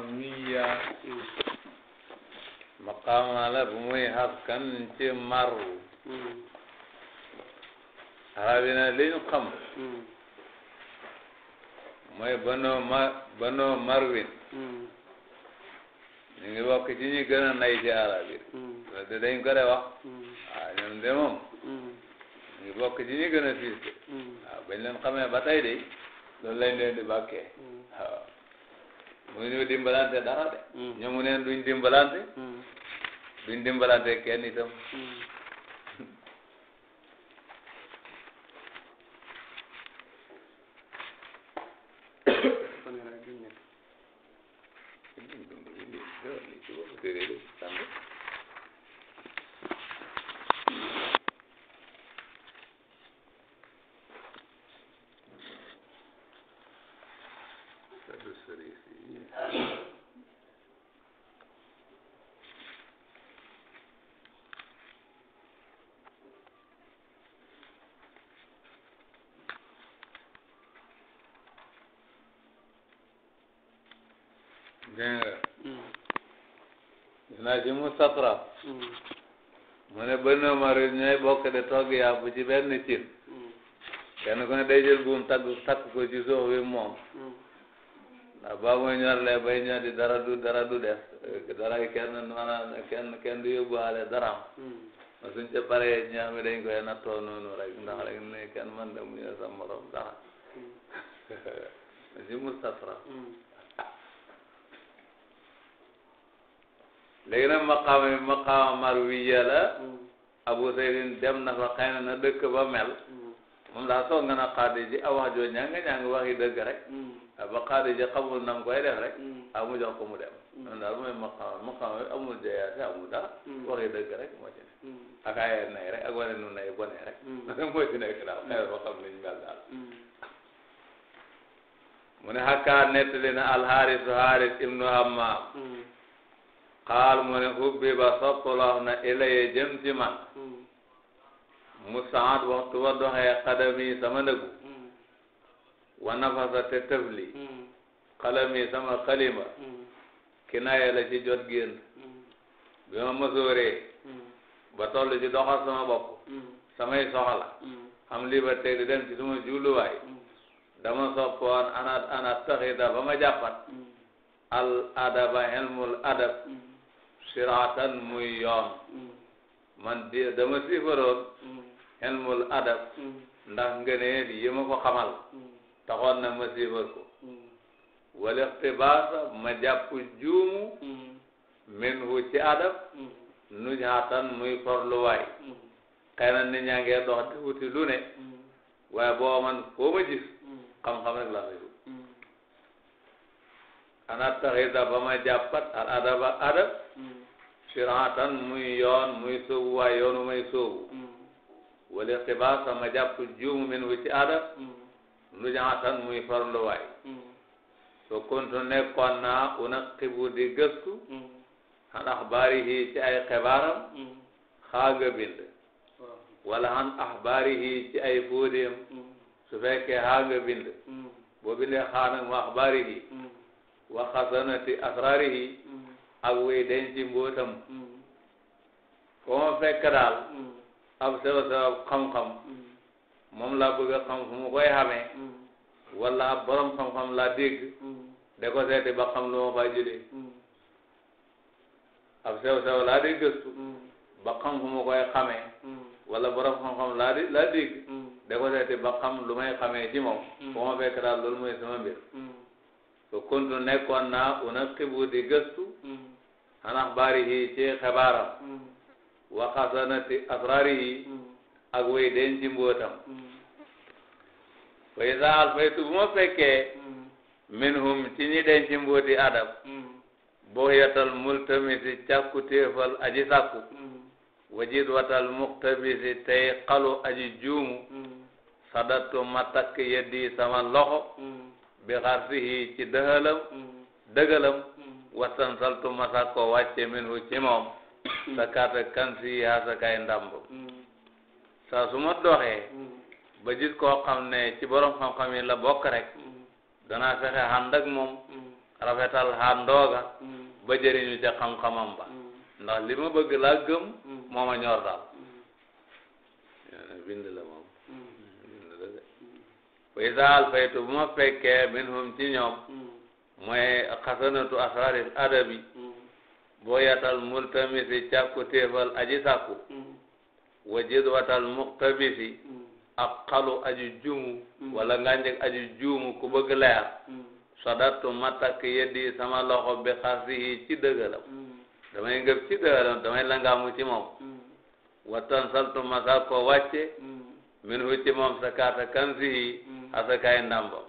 miya maqaama la bu muy haskan ci maru hmm. arabi na li ñu xam hmm. mooy banoo mar banoo marwin ñu ngi bokk ci ñi nay ci arabi loolu de dañ ko de wax waaw ñoom de moom ñu ngi bokk ci ñi gën a hmm. fiis de waaw bañ leen xamee ba tey de mu ñu dimbalante dara de. Mm. ñoom mu neen duñ dimbalante. Mm. duñ dimbalante kenn itam. Mm. mustatrab mm. mu ne benn Omar ñooy bokk de ya yàpp ci benn cin mm. kenn ku ne day jël buum tagg takk ko ci suuf bi moom mm. ndax ba muy ñor lee ba ñor di dara du dara du def dara kenn maanaam kenn kenn du yóbbuwaale daraam ma suñ ca paree ñaami dañ koy nattoo noonu rek ndax rek ne kenn man mu ñor sa morom dara si mustatrab léegi nag maqaama bi maqaama marwiya la abu zaydin dem na fa xëy na dëkk ba mel moom daa soog nga na xaadi ji a ah wax joo ñanga ñanga wax yi dëgg rek ah, ba xaadi ji xamul nam koy def rek a ah, mu ko mu dem moom daal mooy maqaama maqaama bi amul jayaase amul dara wax yi dëgg rek moo ci ne ak aye nay rek ak wane nu nay bone rek moo ci nekk daal xëy ba xam niñ mel daal mu ne xakkaa nettali na alxaaris xaaris ibnu hammaam xaal mu ne ubbi ba soppaloo na ilaye jëm ci man hmm. musaad waxtu wa doxee xadami sama ndëgu hmm. wa nafasa te tëfli hmm. sama xalima kinaaya la ci jot génn bi ma mësooree ba toll ci sama bopp samay liberté di dem ci suma jubluwaay dama soppoon ana ana taxida ba ma jàppat al adaba ilmul adab siratan muy yoon man di dama siifaroon xelmul adab ndax ngëneel yi ma ko xamal taxoon na ma siifar ko wala ixtibaasa ma jàpp juumu min hu ci adab nujaatan muy forluwaay xëy na nit ñaa ngee dox di wuti lu ne waaye boo man foo ma gis xam-xam rek laa may ana ba ma jàppat al adaba adab siraatan mu yoon muy soobu waaye yoonu may soobu mm. wala xibaar sama jàpp juumu min wu ci aada lu mm. jaxatan muy farluwaay mm. so kontu nekkoon naa una xibu di gëstu xan axbaarihi ci ay xibaaram xaaga bind wala xan axbaarihi ci ay fóodéem su fekkee xaaga bind boo bindee xaa nag mu axbaarihi wa ak wuy denc mbóotam mm. ko ma fekk daal mm. ab sabab sabab xam-xam mm. moom laa bëgg a xam fu mu koy xamee wala ab borom xam-xam laa dégg da ko seeti ba xam lu ma faa jëlee ab sabab sabab laa dégg gëstu ba xam fu mu koy xamee wala borom xam-xam laa di laa dégg da ko seeti ba xam lu may xamee ci moom ko ma fekk daal loolu mooy sama mbir so kontu nekkoon naa una xibu di gëstu an axbaarihi ci xebaaram wa xasanati asraarihi ak way denci mbootam wa isa bu ma fekkee minhum ci ñi denci mbooti adab buxyatal multamisi càkkutéefal aji sàkku wajid watal muxtabisi tey xalu aji juumu sadattu ma takk yeddi sama loxo bi xarsihi ci dëhalam dëgalam wasan saltu masa ko wàcce min hu ci moom sa kaata kan si yaa kay ndàmb mm. saa su ma doxee mm. ba gis koo xam ne ci borom xam-xam yi la bokk rek mm. danaa fexe ànd ak moom rafetal àndooga ba jëriñu ca xam-xamam ndax li ma bëgg laa gëm moo ma ñor daal bind la moom bind la de wa isa alfaytu bu ma fekkee minhum ci ñoom mooy xasanatu asaarin adabi boo yatal multamisi càkku téefal aji sàkku wajid watal muqtabisi ak xalu aju juumu wala ngànjeg aju juumu ku bëgg leer sadattu ma takk yeddi sama loxo bi xasihi ci dëggalam damay ngëb ci dëggalam damay langaamu ci moom wattan saltu ma sàkko wàcce min hu ci moom sa kaata kansihi asakaay ndàmbam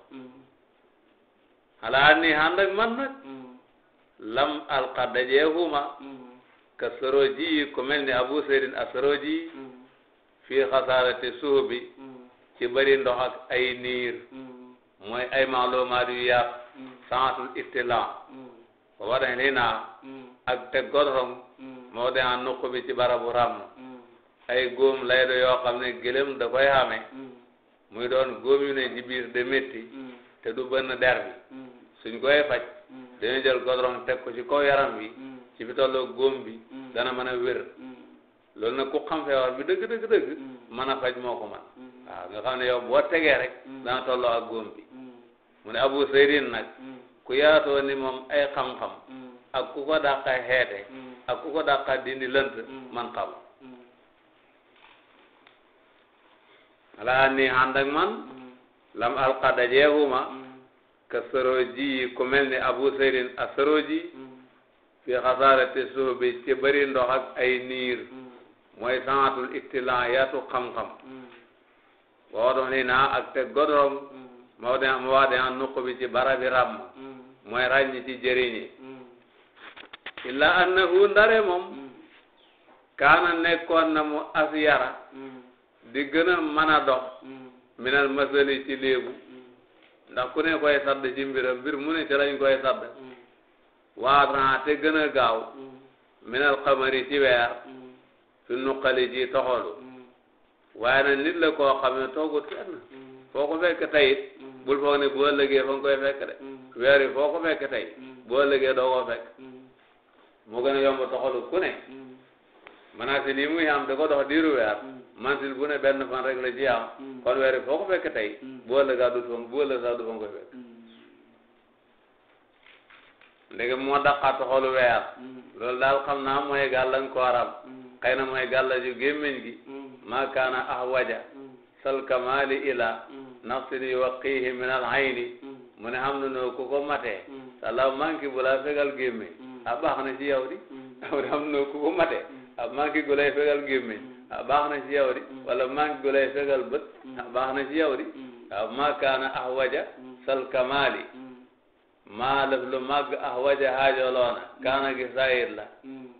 xalaat ni ànd ak man nag lam alqa dajeexuma ka soroji yi mel ni abu seydin a soroji yi fii xasaarati ci bëri ndox ay niir mooy ay maalumaat yu yàq santul istilan wa wadan hinaa ak teg gorxom moo de an nuq bi ci barabu ràmm ay góom lay do yoo xam ne gëlëm da koy xame muy doon góom yu ne ci biir de métti te du bënn suñ koy faj mm. dañu jël godron teg ko ci kaw yaram bi mm. ci fi tolloo góom bi mm. dana mën a wér loolu nag ku xam feebar bi dëgg dëgg dëgg mën a faj moo ko man a nga xam ne yow boo tegee rek dana tolloo ak góom bi mu ne Abu Seydin nag ku yaatoo ni moom ay xam-xam ak ku ko dàqa xeete ak ku ko dàqa dindi lënt man xam alaa ni ànd man lam alqa dajeeguma ka Saroji yi ku mel ni Abu Saydin as-Saroji fi xasaarati suhubi ci bëri ndox ak ay niir mooy sanatul ibtilan yaatu xam-xam woo doon ni naa ak te godorom moo de moo wax de an nuq bi ci barabi ràmm mooy ràññi ci jëriñi illa annahu ndare moom kaana nekkoon na mu as yara di gëna a a dox minal masali ci léebu ndax ku ne koy sadd ci mbiram mbir mu ne ci lañ koy sadd waaran te gën a gaaw minal xamari ci weer fi nuqali ji toxolu waaye nag nit la koo xam ne toogut kenn foo ko fekk tayit bul foog ne boo ëllëgee fa nga koy fekk de weer yi foo ko fekk tey boo ëllëgee doo ko fekk moo gën a yomb toxolu ku ne manaasil li muy am da ko dox diiru weer mansil bu ne benn fan rek ci am kon weer foo ko fekk tey bu ëllëgaa du fa bu ëllëg sax du fa fekk ndege moo daqaatu xolu weer loolu daal xam naa mooy gàllankooram xëy na mooy gàllaju gémmiñ gi maa kaana ahwaja sal kamaali ila nafsin yuwaqihi min al ayni mu ne xam na noo ku sa law manki bu laa fegal gémmiñ a baax na ci yow di xam na noo ku ko matee ah manqué gu lay fegal gémmiñ ah baax na ci yow di mm. wala manqué gu lay fegal bët mm. ah baax na ci yow di mm. ah ma kaana ahwaja sal kamaali maa lëf lu màgg ahwaja haajoloona kaana gi saayir la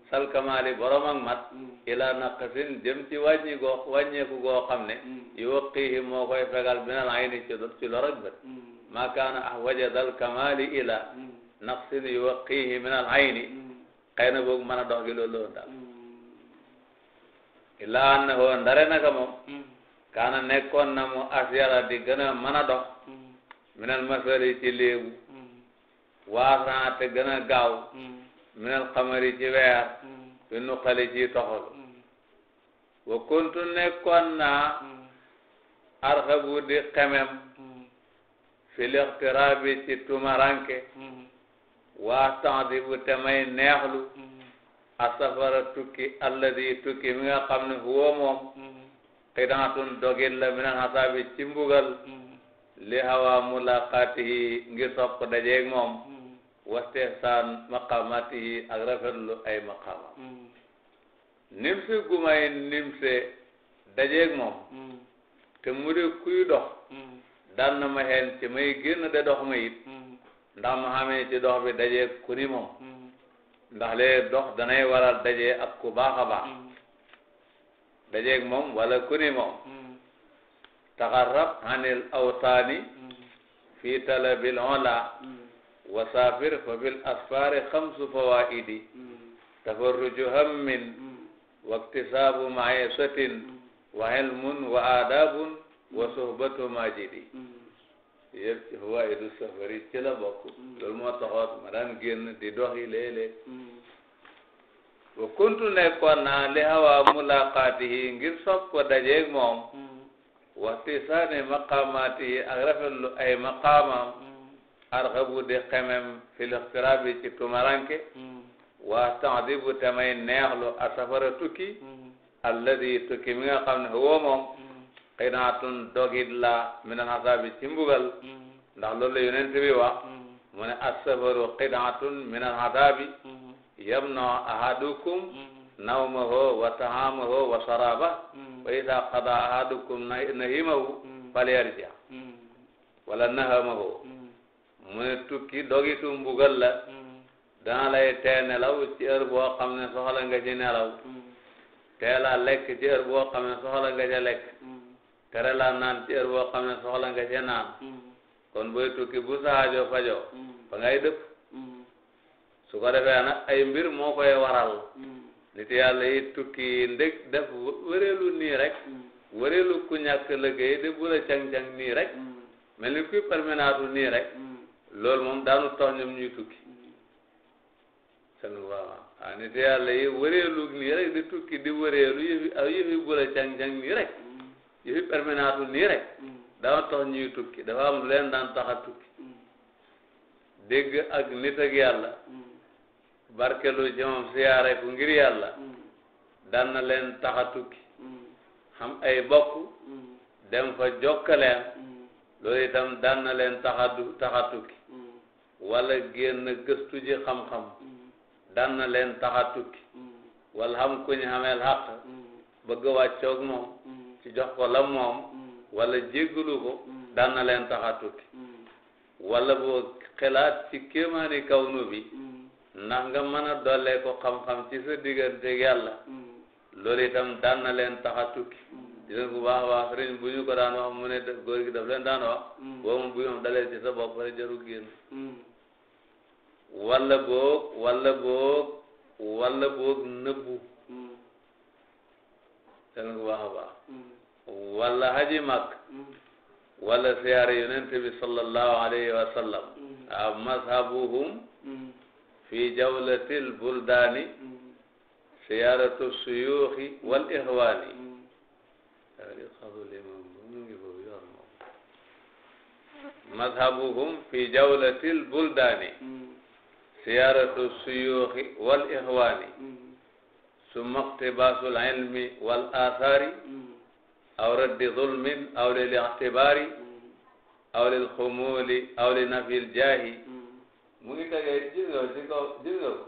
sal kamaali borom ak ila naqasin jëm ci wàññi goo wàññeeku goo xam ne yuwaqihi moo koy fegal minal ayni ci ci lor ak bët ma kaana dal kamaali ila naqsin yuwaqihi minal ayni xëy na boog mën a dox gi loolu loolu illaa annahu ndare naka moom kaana nekkoon na mu asyara di gën a mën a dox minal masari ci léebu waasana te gën a gaaw minal xamari ci weer fi nuqali ci toxalu wa kuntu nekkoon naa arxabu di xemem fil ixtiraabi ci tumaranke waa tax di bu temay neexlu asafara tukki alladi tukki mi nga xam ne huwa moom xidaatun dogin la min xasaabi ci mbugal li hawa mulaqaatihi ngir sopp dajeeg moom wastihsaan maqaamaatihi ak rafetlu ay maqaamam nimse gumay nimse dajeeg moom mu de kuy dox daan na ma ci may génn de dox ma it ndax ci dox bi dajeeg ku ni moom ndax lee dox danay waral dajee ak ku baax a baax mm. dajeeg moom wala ku ni moom mm. taxarrab anil awtaani mm. fi talabil ola wa saafir fa bil asfaari xamsu fawaidi tafarruju hammin wa iktisaabu maisatin wa ilmun wa aadaabun wa suhbatu majidi yëpp waaye du safari ci la bokk mm. loolu moo taxoot ma daan génn di doxi léeg mm. wa kuntu nekkoon naa li hawa mulaqaatihi ngir sopp ko dajeeg moom mm. waxti saani maqaamaatihi ak rafetlu ay maqaamaam arxabu di xemem fil ixtiraabi ci tumaranke waastadibu tamay neexlu asafara tukki alladi tukki mi nga xam ne huwa moom qinaatun dogit la min al ci mbugal mm-hmm. ndax lool la yonent bi wax mm-hmm. mu ne assabaru qinaatun min al mm-hmm. yamna ahadukum nawmahu wa taamahu wa sharaba wa ida qada ahadukum nahimahu falyarja wala nahamahu mu ne tukki dogitu mbugal la dana lay tee nelaw ci heure boo ne soxla nga nelaw tee la ci heure boo ne soxla nga ca tere la naan ci heure boo xam mm. kon booy tukki bu sa aajo fajo ba mm. ngay dëpp mm. su ko defee nag mbir moo koy waral nit yàlla yi tukki ndëg def wëreelu nii rek wëreelu ku ñàkk liggéey de bu cang-cang nii rek mel ni kuy permenaatu nii rek loolu moom daanu tax ñoom ñuy tukki rek di tukki di wëreelu yëfi aw yëfi cang-cang nii rek yu fi perménaatul nii rek mm. dama tax ñuy tukki dafa am lu leen daan tax a tukki mm. dégg ak nit ak yàlla mm. barkelu ci moom siyaare ku ngir yàlla daan na leen tax a tukki xam ay bokk dem fa jokkaleen loolu itam daan na leen tax a du tax a tukki wala génn gëstu ji xam-xam daan na leen tax a tukki wala xam ku ñu xameel xàq bëgg wàccoog moom ci jox ko la moom mm. wala jéggalu ko mm. daan leen tax tukki mm. wala boo xelaat ci kéemaani kawnu bi ndax nga a dollee ko xam-xam ci sa diggante yàlla loolu itam daan leen tax a tukki jigéen bu baax bu ñu ko daan wax mu ne góor gi daf leen daan wax boo moom bu ñu dalee ci sa bopp rek jaru génn wala boog wala boog wala boog nëbbu jigéen bu baax baax wala haji mag wala siyaare yonent bi sallallahu alayhi wa sallam mm. a mm. mm. mazhabuhum fi jawlatil buldaani siyaaratu suyuuxi wal ixwaani mazhabuhum fi jawlatil buldaani siyaaratu suyuuxi wal ixwaani summa iqtibaasul ilmi wal aasaari aw raddi zulmin aw lil ixtibaari aw lil xumuli aw li nafil jaahi mu ngi tegee gis nga ci kaw gis nga ko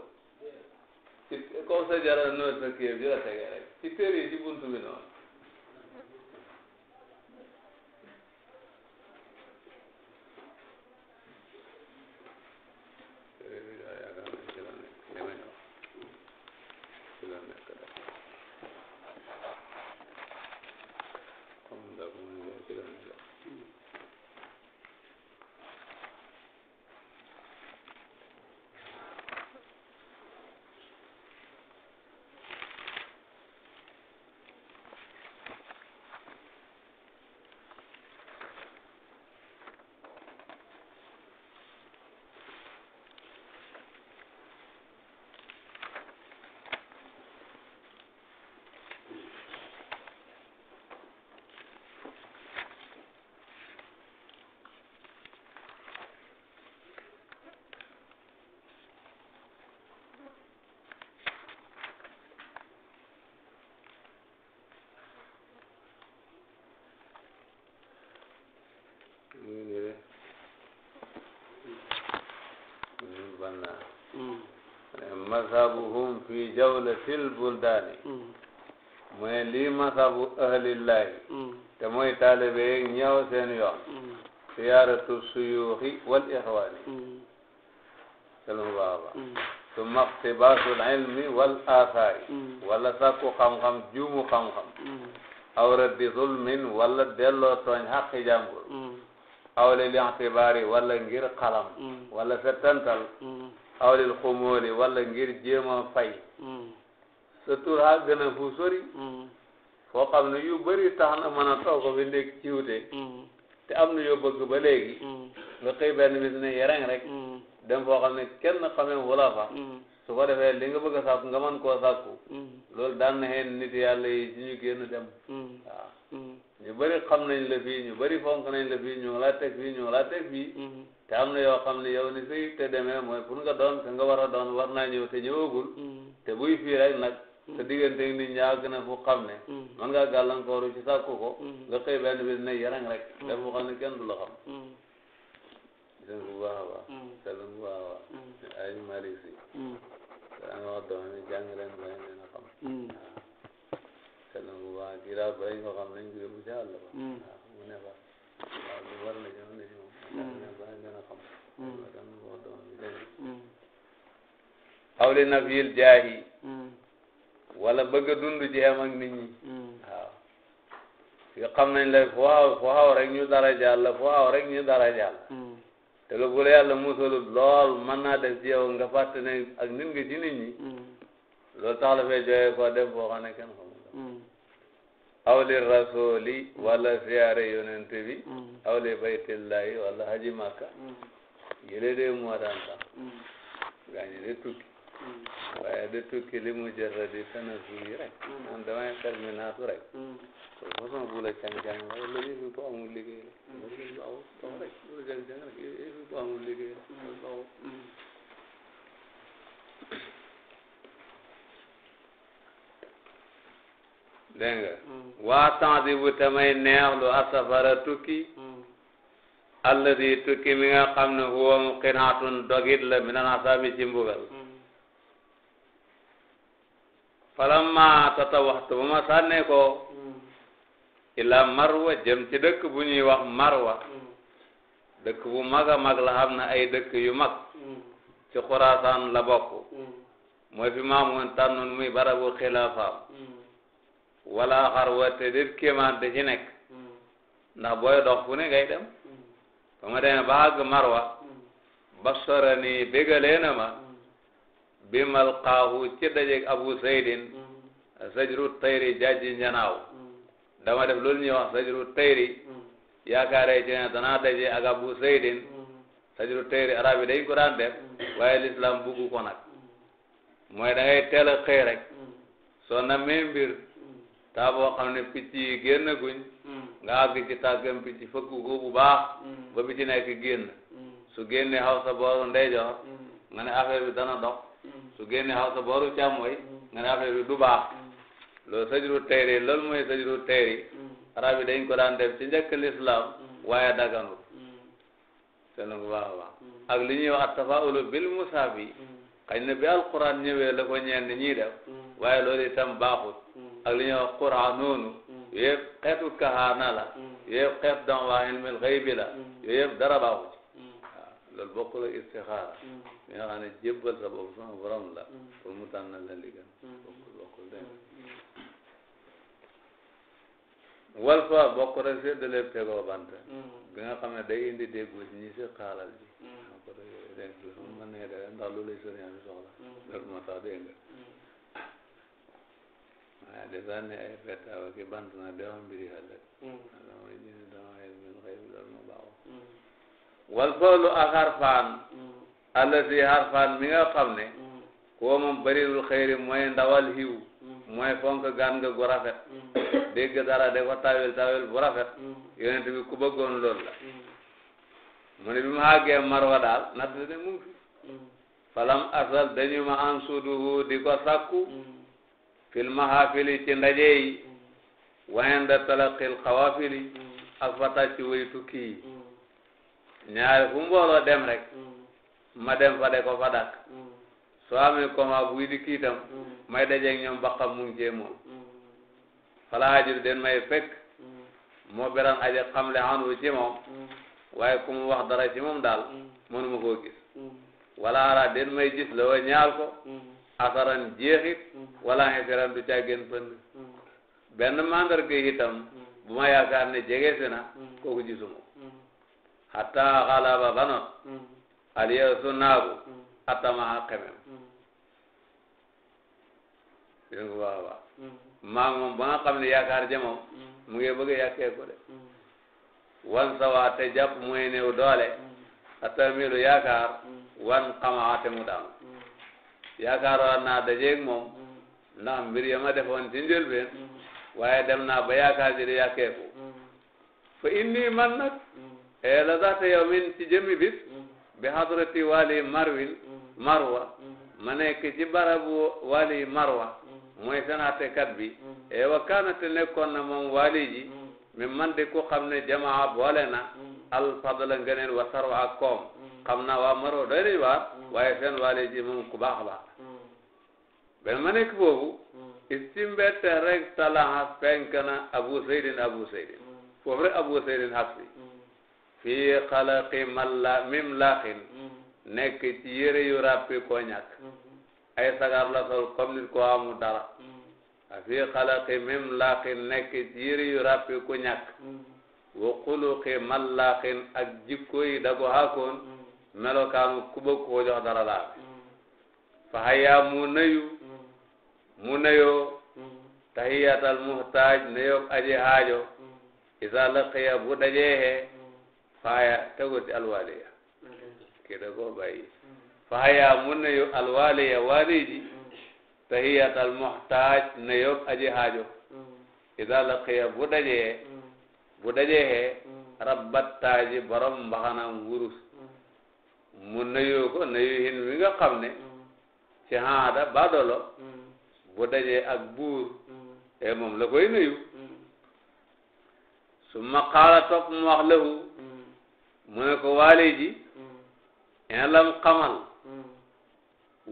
ci kaw sa jaral noonu sa kii bi la tegee rek ci téere yi ci buntu bi noonu mazhabuhum fi jawlatil buldaani mu mm. ne lii mazhabu ahlillahi mm. te mooy taalibe yeeg ñëw seen yoon siyaaratu mm. suyuuxi wal ixwaani selmu baax baax su maqtibaasul ilmi wal aasaari wala sàkku xam-xam juumu xam-xam aw raddi zulmin wala delloo tooñ xaqi jàmbur aw lil ixtibaari wala ngir xalam wala settantal aw lil xumóoli walla ngir jéem a fay mm. sa ha gën a fu sori mm. foo xam ne yu bëri tax na mën a toog ko fi ndég ciwte mm. te am na yoo bëgg ba léegi nga ben benn bis ne yereng rek dem foo xam ne kenn xamee wala fa su ko defee li bëgg a nga mën ko sàkku loolu daan na xeen nit yàlla yi ci ñu génn dem waaw ñu bëri xam nañ la fii ñu bëri fonk nañ la fii ñu ngi laa teg ñu ngi laa teg fii te am na yoo xam ne yow ni fi te demee mooy pour nga doon te nga war a doon war naa ñëw te ñëwagul mm. te buy fii rek nag te mm. diggante nit ñi àgg na fu xam ne man mm. ngaa gàllankooru ci sàkku ko nga xëy benn bis ne yarang rek def fu xam ne kenn du la xam sen bu baax a baax selum bu baax a baax ay mari si daa nga wax doon ni ne fa ne ci Mm. xawli nafil jaahi mm. wala bëgg a dund jeem ak nit ñi mm. waaw yoo xam nañ la foo xaw foo xaw rek ñu dara jàll foo xaw rek ñu dara jàll te lu bu la lool mën naa def ci yow ne ak nit nga ci ñi loolu tax la fee joxe ko def boo xam awli rasuli wala siyaare yonent bi mm. awli baytillahi wala haji makka mm. yële de moo daan tax mm. gaa ñi de tukki waaye de tukki li mu jërra di tanazzul yi rek man damay xel mi naatu rek ko façon bu la cang-cang waaye loolu yëfi bu amul liggéey la loolu yëfi bu amul toog rek loolu cang-cang rek yëfi bu amul liggéey la dégg nga hmm. waa temps bi bu tamay neex lu asafara tukki hmm. alladi tukki mi nga xam ne huwa mu qinaatun dogit la minan asabi ci mbugal hmm. falamma tata waxtu bu ma sànnee ko ila marwa jëm ci dëkk bu ñuy wax marwa dëkk bu maga a mag la xam ne ay dëkk yu mag ci xuraasaan la bokk mooy fi maamoon tànnoon muy barabu xilaafaam wala xarwa te déet kéemaan da ci nekk hmm. ndax booy dox fu ne ngay dem hmm. ba ma demee ba àgg marwa hmm. basara nii bégalee na ma bi mal xaahu ci dajeeg abu saydin sajru tayri jaaji njanaaw dama def loolu ñuy wax sajru tayri yaakaaree ci ne danaa daje ak abu saydin sajru tayri arab yi dañ ko daan def waaye l'islam bugg ko nag mooy da ngay teel a xëy rek soo na mee taa boo xam ne picc yi génn guñ mm. nga àgg ci tàggam picc fëkk ko bu baax mm. ba bi ci nekk génn mm. génne xaw sa booru ndeyjoor nga ne affaire bi dana dox su génne xaw sa booru càmmooy nga ne affaire bi du baax loolu sajru tayri loolu mooy sajru tayri arab yi dañ ko daan def ci njëkk lislaam waaye daganul seen bu baax a baax ak li ñuy wax attafaulu bil musaabi xañ na bi alquran ñëwee ko ñenn ñi def waaye loolu itam baaxul ak li ñuy wax quran noonu yooyu yëpp xeetu kahaana la yooyu yëpp xeet dans la ilmil xaybi la yooyu yëpp dara baaxu ci waaw loolu bokkul ak istixaara mi nga xam ne jébbal sa bopp sama borom la pour mu tànnal la li gën bokkul bokkul dégg wal fa bokk rek séddale tegoo bant bi nga xam ne day indi déggu ñi si xaalal bi ko dégg ndax loolu lay sëriñ bi soxla loolu moo tax dégg ah des fois ne ak i bant na demoon hmm. hmm. hmm. mi nga xam ne. koo moom bariwul xëyri mooy ndawal hiw. mooy fonk gan nga gu rafet. dégg dara de ko tawil tawil bu rafet. yonent bi ku bëggoon loolu la. mu ne bi ma àggee marwa daal natt ne mu ngi fi. falam asal dañu ma ansuduhu di ko sakku. fil mahafili ci ndaje yi wa inda talaqil xawafili ak fata ci way tukki yi ñaari fu mbooloo dem rek ma dem fa de ko fa dak soo amee koma buy dikki may dajeeg ñoom ba xam mu ngi cee moom fala hajir den may fekk moo beran aje xamle xanu ci moom waaye ku mu wax dara ci moom daal mënuma koo gis wala ara den may gis la wa ñaal ko asaran jeexit mm-hmm. wala xesiran du càggeen pënd mm-hmm. benn mandarga itam mm-hmm. bu ma yaakaar ne jege si na kooku hatta xalaba banot aliya su naagu atama xa xemem dégg nga waaw waaw maa moom ba nga xam ne yaakaar ja moom mu te jàpp muy néew doole atamilu yaakaar wan xamaa te mu daanu yaakaaroon naa dajeeg moom ndax mbir ya defoon ci njëlbeen waaye dem naa ba yaakaar ji di yàkkeeku fa inni man nag e la zaata yow min ci jëmmi bis bi hadrati wali marwin marwa ma nekk ci barabu wali marwa mooy senaatekat bi e wa kaanate nekkoon na moom wali ji mi man di ku xam ne jamaa boole na al fadla ngëneel wa ak koom xam naa waa marwa doy nañu waar waaye seen waale ji moom ku baax baax hmm. benn ma nekk foofu istimbette hmm. rek talaxas fenk na abu seydin abu seydin hmm. foofu rek abu seydin hasbi fii xalaqi malla mim laaxin nekk ci yére yu ràppi koo ñàkk ay sagar la sol comme nit ko amu dara fii xalaqi mim laaxin nekk ci yére yu ràppi ku ñàkk wa xuluqi mallaaxin ak jikko yi dago haakoon melokaanu ku bëgg koo jox dara laa mm. fa hayyaa mu nayu mm. mu nayoo mm. tahiyatal muhtaaj nayoo aji haajo isa laqiya bu dajeexee faaya tegu ci alwaaliya kii da koo bàyyi fa hayyaa mu nayu alwaaliya waaliji tahiyatal muhtaaj nayoo aji haajo isa laqiya bu dajee bu dajeexee rabbat taaji borom mbaxanaam wurus mu nuyoo ko nuyu hin wi nga xam ne ci haada badolo bu dajee ak buur e moom la koy nuyu summa qaala topp mu wax lahu mu ne ko waale ji in lam xamal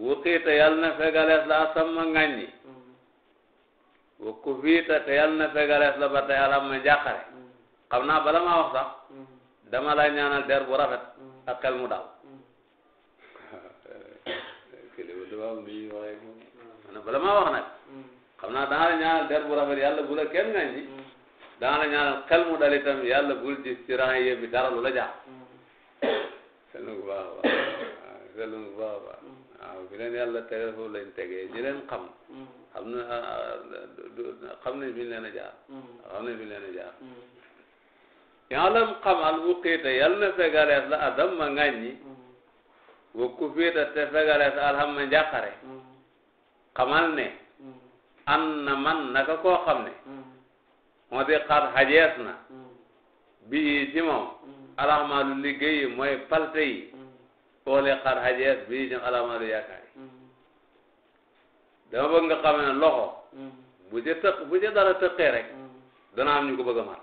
wuqiita yal na fegalees la asamma ŋàññi wa kufiita te yal na fegalees la ba tey alam ma njàqare xam naa bala maa wax sax dama la ñaanal der bu rafet ak xel mu dal doom bi waaye man bala maa wax nag xam naa danga la ñaanal der bu rafet yàlla bu la kenn ngañ ji mm. danga la ñaanal xel mu dal itam yàlla bul gis ci rang yëpp bi dara lu la jaax mm. sellu bu baax a baax sellu bu baax a baax waaw bi mm. leen yàlla tegee foofu lañ tegee ñi leen xam xam na ah, xam nañ fi ñu leen a jaar xam nañ fi ñu bu xiite yàlla na fegalees la adam ma ngañ ñi wa ku fiita te fegalees alhamma njàqare xamal ne an na man naka koo xam ne moo di xaat xajees na bii ci moom alhamaalu liggéey yi mooy palte yi foole xaat xajees bii ci alhamaalu yaakaar yi dama bëgg nga xam ne loxo bu ca tëq bu ca dara tëqee rek dana am ñu ko bëgg a mar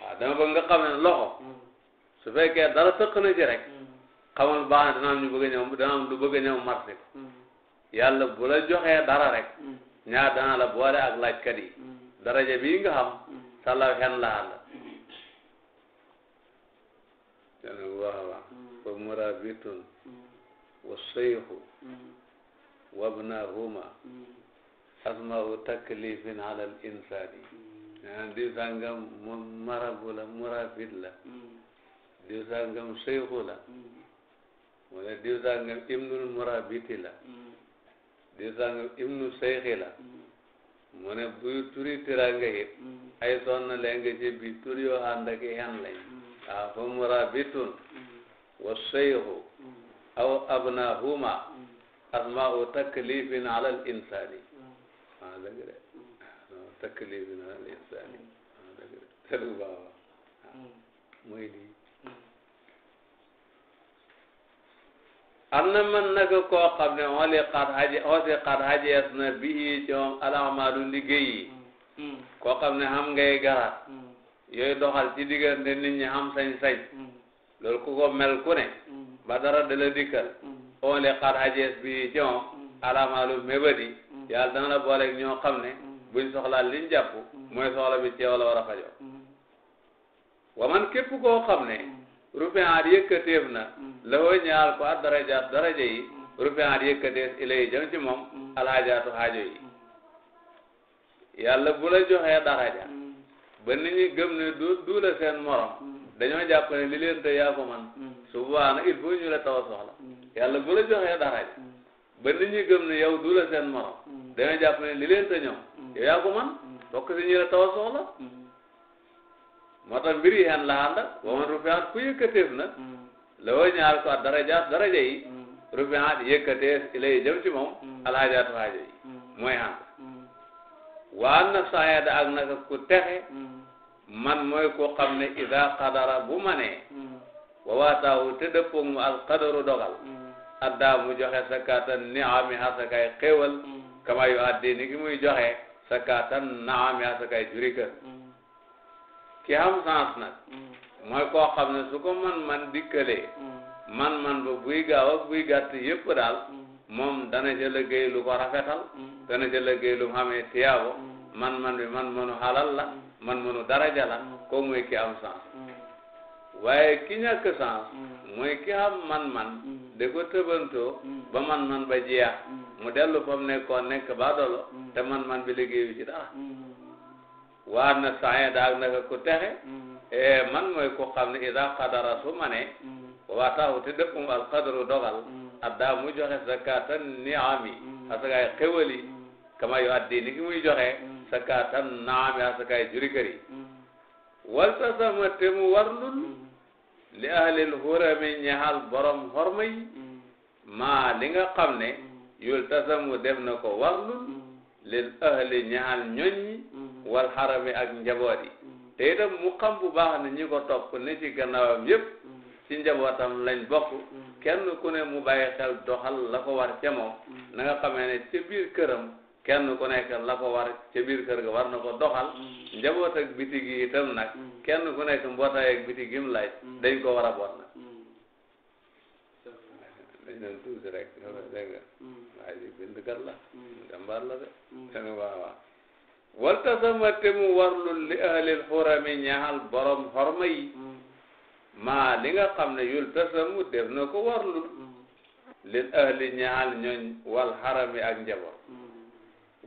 waaw dama bëgg nga xam ne loxo su fekkee dara tëq na ci rek xamal baax na dana am ñu bëgg a ñëw lu bëgg a ñëw marti ko yàlla dara rek ñaar dana la boole ak laajkat daraja bii nga xam salaw xen la àlla waawa fa murabitun wa seyxu wabnahuma asmau taklifin ala al insani naan diw sàngam moom marabu la murabit la diw sàngam seyxu la mu ne diw sàngam ibnul murabiti la mm. diw sàngam ibnu mu mm. ne buy turi tiranga it mm. ay sonna leen nga ci bi tur yoo ànd ak hen lañ ah fa murabitun wa seyxu abnahuma asmaau taklifin ala al insani ala al insani ah dëgg de muy lii am na man naka koo xam ne xooli xaat aje xoosi xaat ajees na bii coom alaamaalu liggéey yi mm. koo xam ne xam ngay garaat mm. yooyu doxal ci diggante nit ñi xam sañ-sañ mm. loolu ku ko mel ku ne ba dara da la dikkal xooli xaat ajees bii coom alaamaalu mébadi yàlla dana la booleeg ñoo xam ne buñ soxlaa liñ jàpp mooy soxla bi ci yow la war a fajoo wa man képp koo xam ne rufi'at yëkkateef na hmm. lahoo ñaal ko ak darajaat daraja yi hmm. rufi'at yëkkateef ilay jëm ci moom hmm. alxaajaatu xaajo yi yàlla bu la joxee daraja ba nit ñi gëm ne du du la seen morom dañoo ne li leen te yaa ko man su boobaa nag il faut la taw a soxla yàlla bu la joxee daraja ba nit ñi ne yow du la seen morom dañoo jàpp ne li leen la moo tax mbir la ànd wa man rufiat ku yëkkateef na mm. la woo ñaar ko darajaat daraja yi mm. rufiat yëkkateef ilay jëm ci moom mm. alxaajaatu xaaja yi mooy ànd waan na saayada ak naka ku texe man mooy koo xam ne ida qadara bu manee wa waataawu te dëppoog mu alqadaru dogal addaa mu joxe sakkaatan niami asakaay xéewal kama yu addi ki muy joxe sakkaatan naami asakaay jurika ki am sens nag mm. mooy koo xam ne su ko man man dikkalee mm. man man ba buy gaaw buy gàtt yépp daal mm. moom dana ca liggéey lu ko rafetal dana ca liggéey lu xamee tiyaabo man man bi man mënu xalal la man mënu daraja la ko mooy ki am sens waaye ki ñàkk sens mooy ki am man man de ko tëbantoo ba man man ba jeex mu dellu fa mu nekkoon nekk ba dolo te man man bi liggéeyu ci dara waar na saa daal naka ku texe. Mm-hmm. E, man mooy ku xam ne ida qadara su ma ne. Mm-hmm. waa taxaw te dëpp mu alqadaru dogal. Mm-hmm. addaa mu joxe zakatan niami. asakaay xewali. kama yu addi ni ki muy joxe. zakatan naami asakaay juri kër yi. waltasama te mu warlul. li ahlil hurami ñaxal borom xorma maa li nga xam ne. yultasamu def na ko warlul. lil ahli ñaxal ñoñ wal xarami ak njaboot yi mm. te itam mu xam bu baax ne ñi ko topp ni ci gannaawam yépp mm. ci njabootam lañ bokk mm. kenn ku ne mu bàyyi xel doxal la ko war ca moom nga xamee ne ca biir këram kenn ku nekk la ko war ca biir kër ga war na ko doxal njaboot ak biti kenn ku nekk mbootaay ak biti gim laaj dañ ko war a boot nag dañ doon nga waa ji bindkat la jàmbaar waltasama te mu warlul li ahlil xurami ñaxal borom xorma yi mm. maa li nga xam ne yul tasamu def na ko warlul mm. lil ahli ñaxal ñooñ wal xarami ak njaboot mm.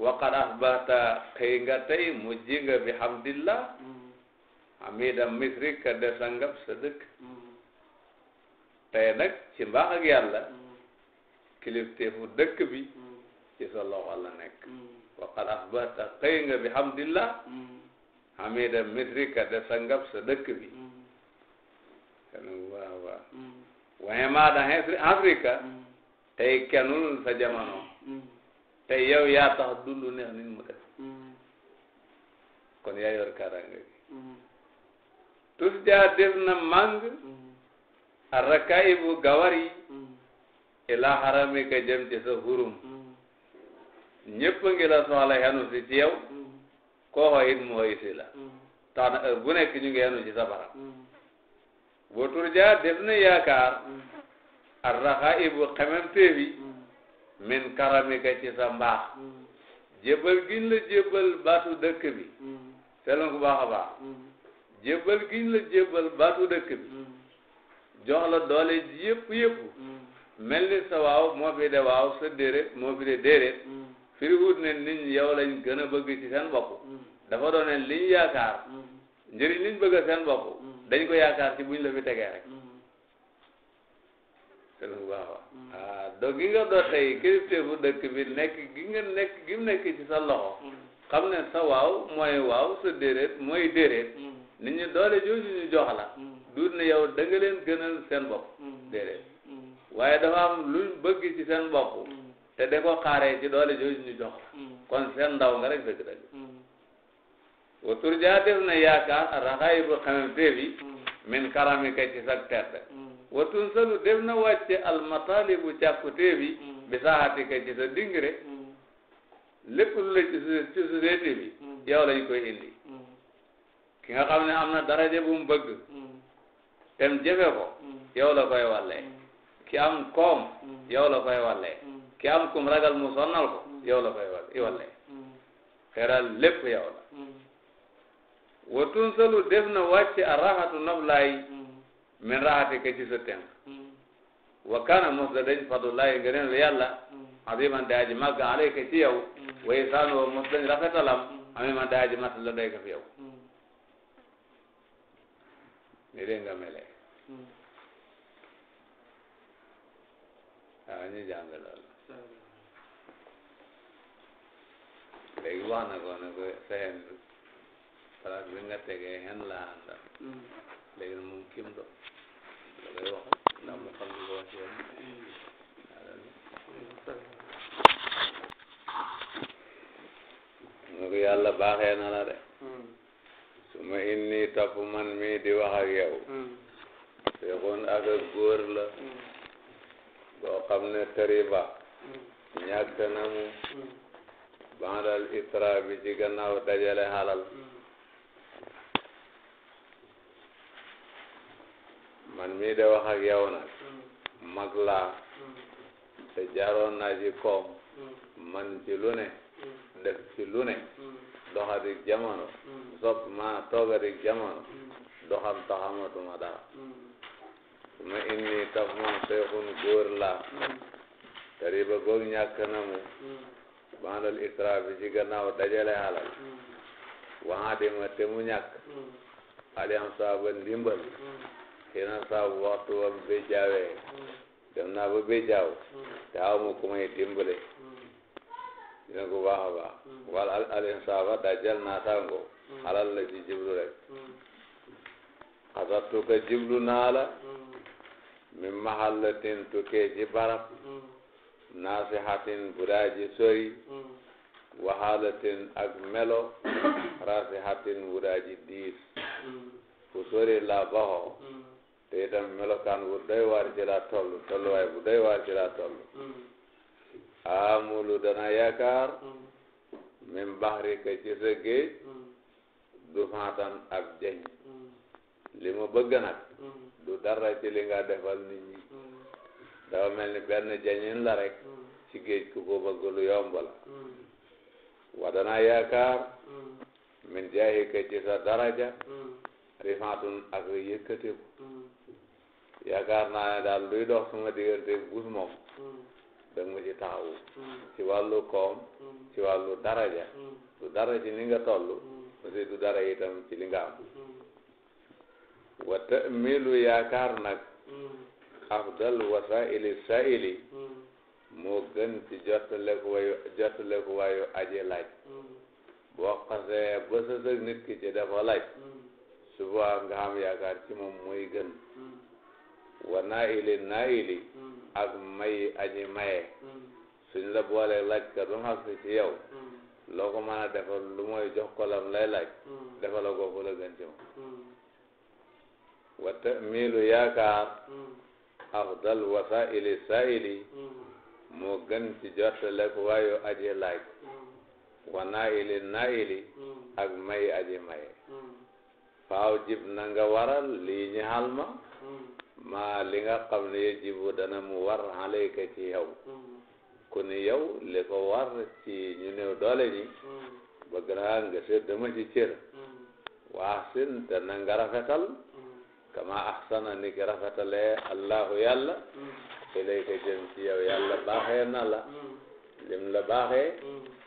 waqad asbahta xëy nga tey mu jinga bi hamdillah amida misri ka de sangab sa dëkk tey nag ci mbaax ak yàlla kilifteefu dëkk bi ci sa loxo la waqad asbahta xëy nga bi hamdillah hamida métrika de sangab sa dëkk bi kanum waaw waaw waaye maa da Afrika tey kenul sa jamono tey yow yaa tax dundu neex nit mu def kon yaa yor kaaraange gi tus jaa def na mang arrakaibu gawari ila haramika sa hurum ñëpp ngi la soxla xenu si ci yow koo xoy it mu xoy si la mm. tax na bu nekk ñu ngi xenu ci sa barab boo mm. turjaa def na yaakaar mm. arraxa ibu xemem téefi min karamika ci sa mbaax jébbal la jébbal baatu dëkk bi selon ku baax a la jébbal baatu dëkk bi jox ji yëpp yëpp mel ni sa waaw moo fi de sa déret moo fi de firiwut ne nit ñi yow lañ gën a bëgg ci seen bopp mm. dafa doon ne liñ yaakaar mm. njëriñ liñ bëgg seen bopp mm. dañ ko yaakaar ci buñ la fi tegee rek sëñ ah donc gi nga doon tey kilifteefu dëkk bi nekk gi nga nekk gi mu nekk ci sa loxo xam ne sa waaw mooy waaw sa déedéet mooy déedéet nit ñi doole jooju ñu ne yow da nga leen gënal seen bopp déedéet waaye dafa am luñ bëgg ci te de ko xaaree ci doole jooju ñu jox mm. kon seen ndaw nga rek dëgg-dëgg mm. wa turjaa def na yaakaar raxaay bu xamamteef yi mm. min ci sag tedd wa tunsalu def na wàcce almatalibu càkkuteef yi bi saaxatika ci sa dingre lépp lu la ci société bi yow lañ koy indi ki nga xam ne am daraja bu mu bëgg tem jëfe ko yow la koy wàllee ki am koom yow la koy wàllee ki am kum ragal mu sonnal ko yow la koy wal walla xeral lépp yow la wa tunsalu def na wàcce a raxatu noflaay min raxati ka ci sa tënk wa kana mos la dañ fadulaay nga neen lu yàlla aziman daa ji màgg alayka ci yow wa isaanu wa mos lañ rafetalam amiman daa ji mat la day ka fi yow ni dégg nga mele waaw ñu jàng loolu léegi wax na ko ne ko sa hen palaas bi nga tegee hen laa àndal mm. léegi nag moom kim do la koy waxal ndax mu xam li ko wax yoon mu ko mm. yàlla baaxee na la de mm. su ma inni topp man mii di wax ak yow fekkoon ak a góor la boo xam ne tariba ñàkk na mu bandal isra bi ci gannaaw dajale halal man mii de wax ak yow nag mag laa te jaaroon naa ci koom man ci lu ne def ci lu ne doxadik jamono sopp maa toogadik jamono doxam taxamatuma dara ma inni taf moom seexun góor laa tariba goog ñàkk na mu bandal isra bi ci gannaaw dajale alal waxaa dima te mu ñàkk aliam saaba ndimbal xina saabu waxtu wam béjjaawee dem naa ba béjjaaw te aw mu ku may dimbale dina ko baax a baax wala aliam saaba dajal naa tàngo alal la ci jiblu rek xasattu ka jiblu naa la min mahallatin tukkee ji barab naasihatin buraaji sori mm. waxaalatin ak melo raasihatin buraaji diis mm. ku sori laa baxoo mm. te itam melokaan bu doy waar ci laa toll tolluwaay bu doy waar ci laa toll amulu dana yaakaar min baxrika ci sa du faatan ak jeñ li ma bëgg nag du dara ci li nga defal nit ñi dafa mel ni benn jañin la rek mm. ci géej ku ko bëgg lu yomb la mm. wadanaa yaakaar mm. min jaahika ci sa daraja rifaatun ak yëkkateku yaakaar naa ne daal luy dox suma diggante gus moom da nga ma ci taxawu ci wàllu koom ci wàllu daraja du dara ci ni nga toll parce du itam ci li nga am wa tamilu yaakaar nag afdal wasaili saili hmm. moo gën ci jottaleku waayu jottaleku waayu aji laaj hmm. boo xasee ba sa nit ki ci dafa laaj hmm. su nga am yaakaar ci moom mooy gën wa naili naili ak may aji maye suñ la boolee laaj ka du xas ci yow loo ko mën a defal lu mooy jox ko lam lay laaj defal ko fu la gën ci moom wa tamilu yaakaar afdal wasaili saili mm-hmm. moo gën ci jottaleek waayu aji laaj mm-hmm. wa naili mm-hmm. ak may aji maye faaw jib na nga waral lii ñi halma maa li nga xam ne yajibu dana mu war alayka ci yow ku ni yow li ko war ci ñu néew doole ñi bëgg naa nga séddama ci cër waasin te na nga rafetal kama ahsana ni ki rafetale allahu yàlla ilayka jëm ci yow yàlla baaxee na la lim la baaxee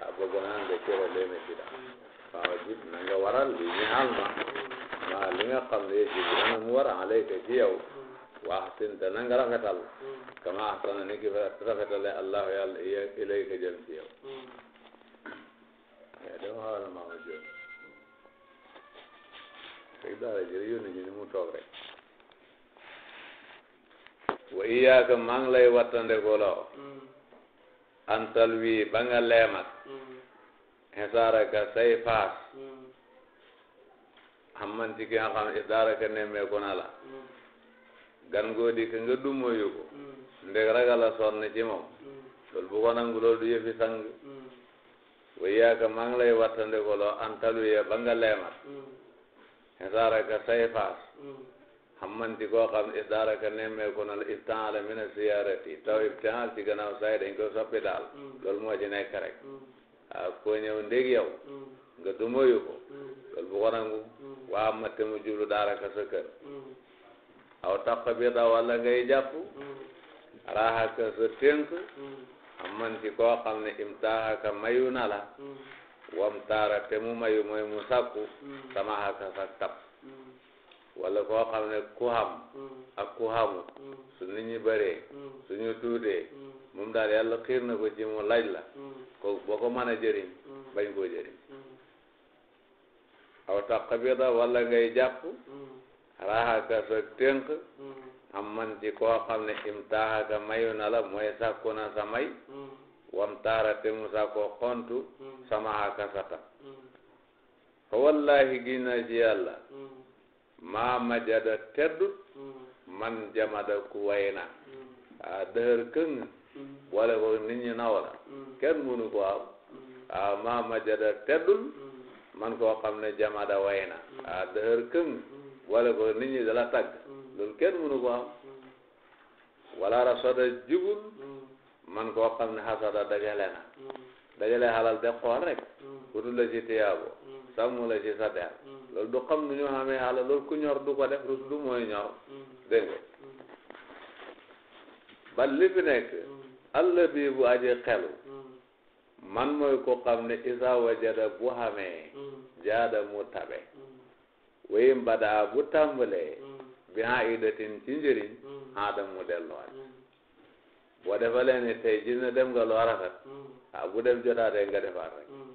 a naa nga cërale ma ci daal waaw waral li ñaal ma maa li nga xam ne jib dana mu war alayka ci yow waxsin te na nga rafetal ni ki rafetale allahu yàlla ilayka jëm ci yow teg daara ji rek yónni rek wa iyaaka maa ngi lay wattandekuloo antal wii ba nga leemat xesaaraka say faas xamman ci ki nga xam idaaraka nemmeeku na la gan goo dikk nga dummóoyu ko ndeg ragal a sonn ci moom loolu bu ko nangu loolu du yëfi sang wa iyaaka maa lay wattandekuloo antal wii ba nga isaaraka sayfaas xamman ci koo xam isaaraka nemmeeku na iftaala min a siyaarati taw iftaal ci gannaaw say dañ ko soppi daal loolu moo ci nekk rek waaw koo ñëw ndég nga dumayu ko loolu bu waa ma te mu jublu daaraka sa kër aw taq bi da walla ngay jàpp raxaka sa tënk xamman ci koo xam ne imtaaxaka mayu na la wamtaara te mu mayu mooy mu sàkku mm. sama xasa sa tab mm. wala koo xam ne ku xam mm. ak ku xamut su nit ñi bëree moom daal yàlla xiir na ko ci mu laaj la ko boo ko mën a jëriñ bañ koo jëriñ aw taqabida wala ngay jàpp raxaka sa tënk am ci koo xam ne imtaaxaka mayu na la mooy sàkku na sa may wamtaara te musa ko xontu mm. samaha kasata mm. fa wallahi giñ naa ci yàlla mm. maa majada teddut man jamada ku wayna a dëhër këng boole ko nit nawla kenn mënu ko am a maa majada teddul man koo xam ne jamada wayna a dëhër këng boole ko nit ñi dala tagg loolu kenn mënu ko am wala rasada jubul man koo xam ne hasada dajale na mm. dajale halal de xool rek wutu mm. la ci tiyaabo mm. sàmm la ci sa der du xam nu ñu xamee halal loolu ku ñor du ko def rus du mooy ñor dégg nga ba nekk allah bii bu aji xelu man mooy ko xam ne isa wajada bu xamee jaada mu tabe wéy mbadaa bu tàmbalee bi ha idatin ci njëriñ ha da mu delluwaat boo defalee ne tey gis na dem nga loo rafet ah bu dem jotaatee nga defaat rek hmm.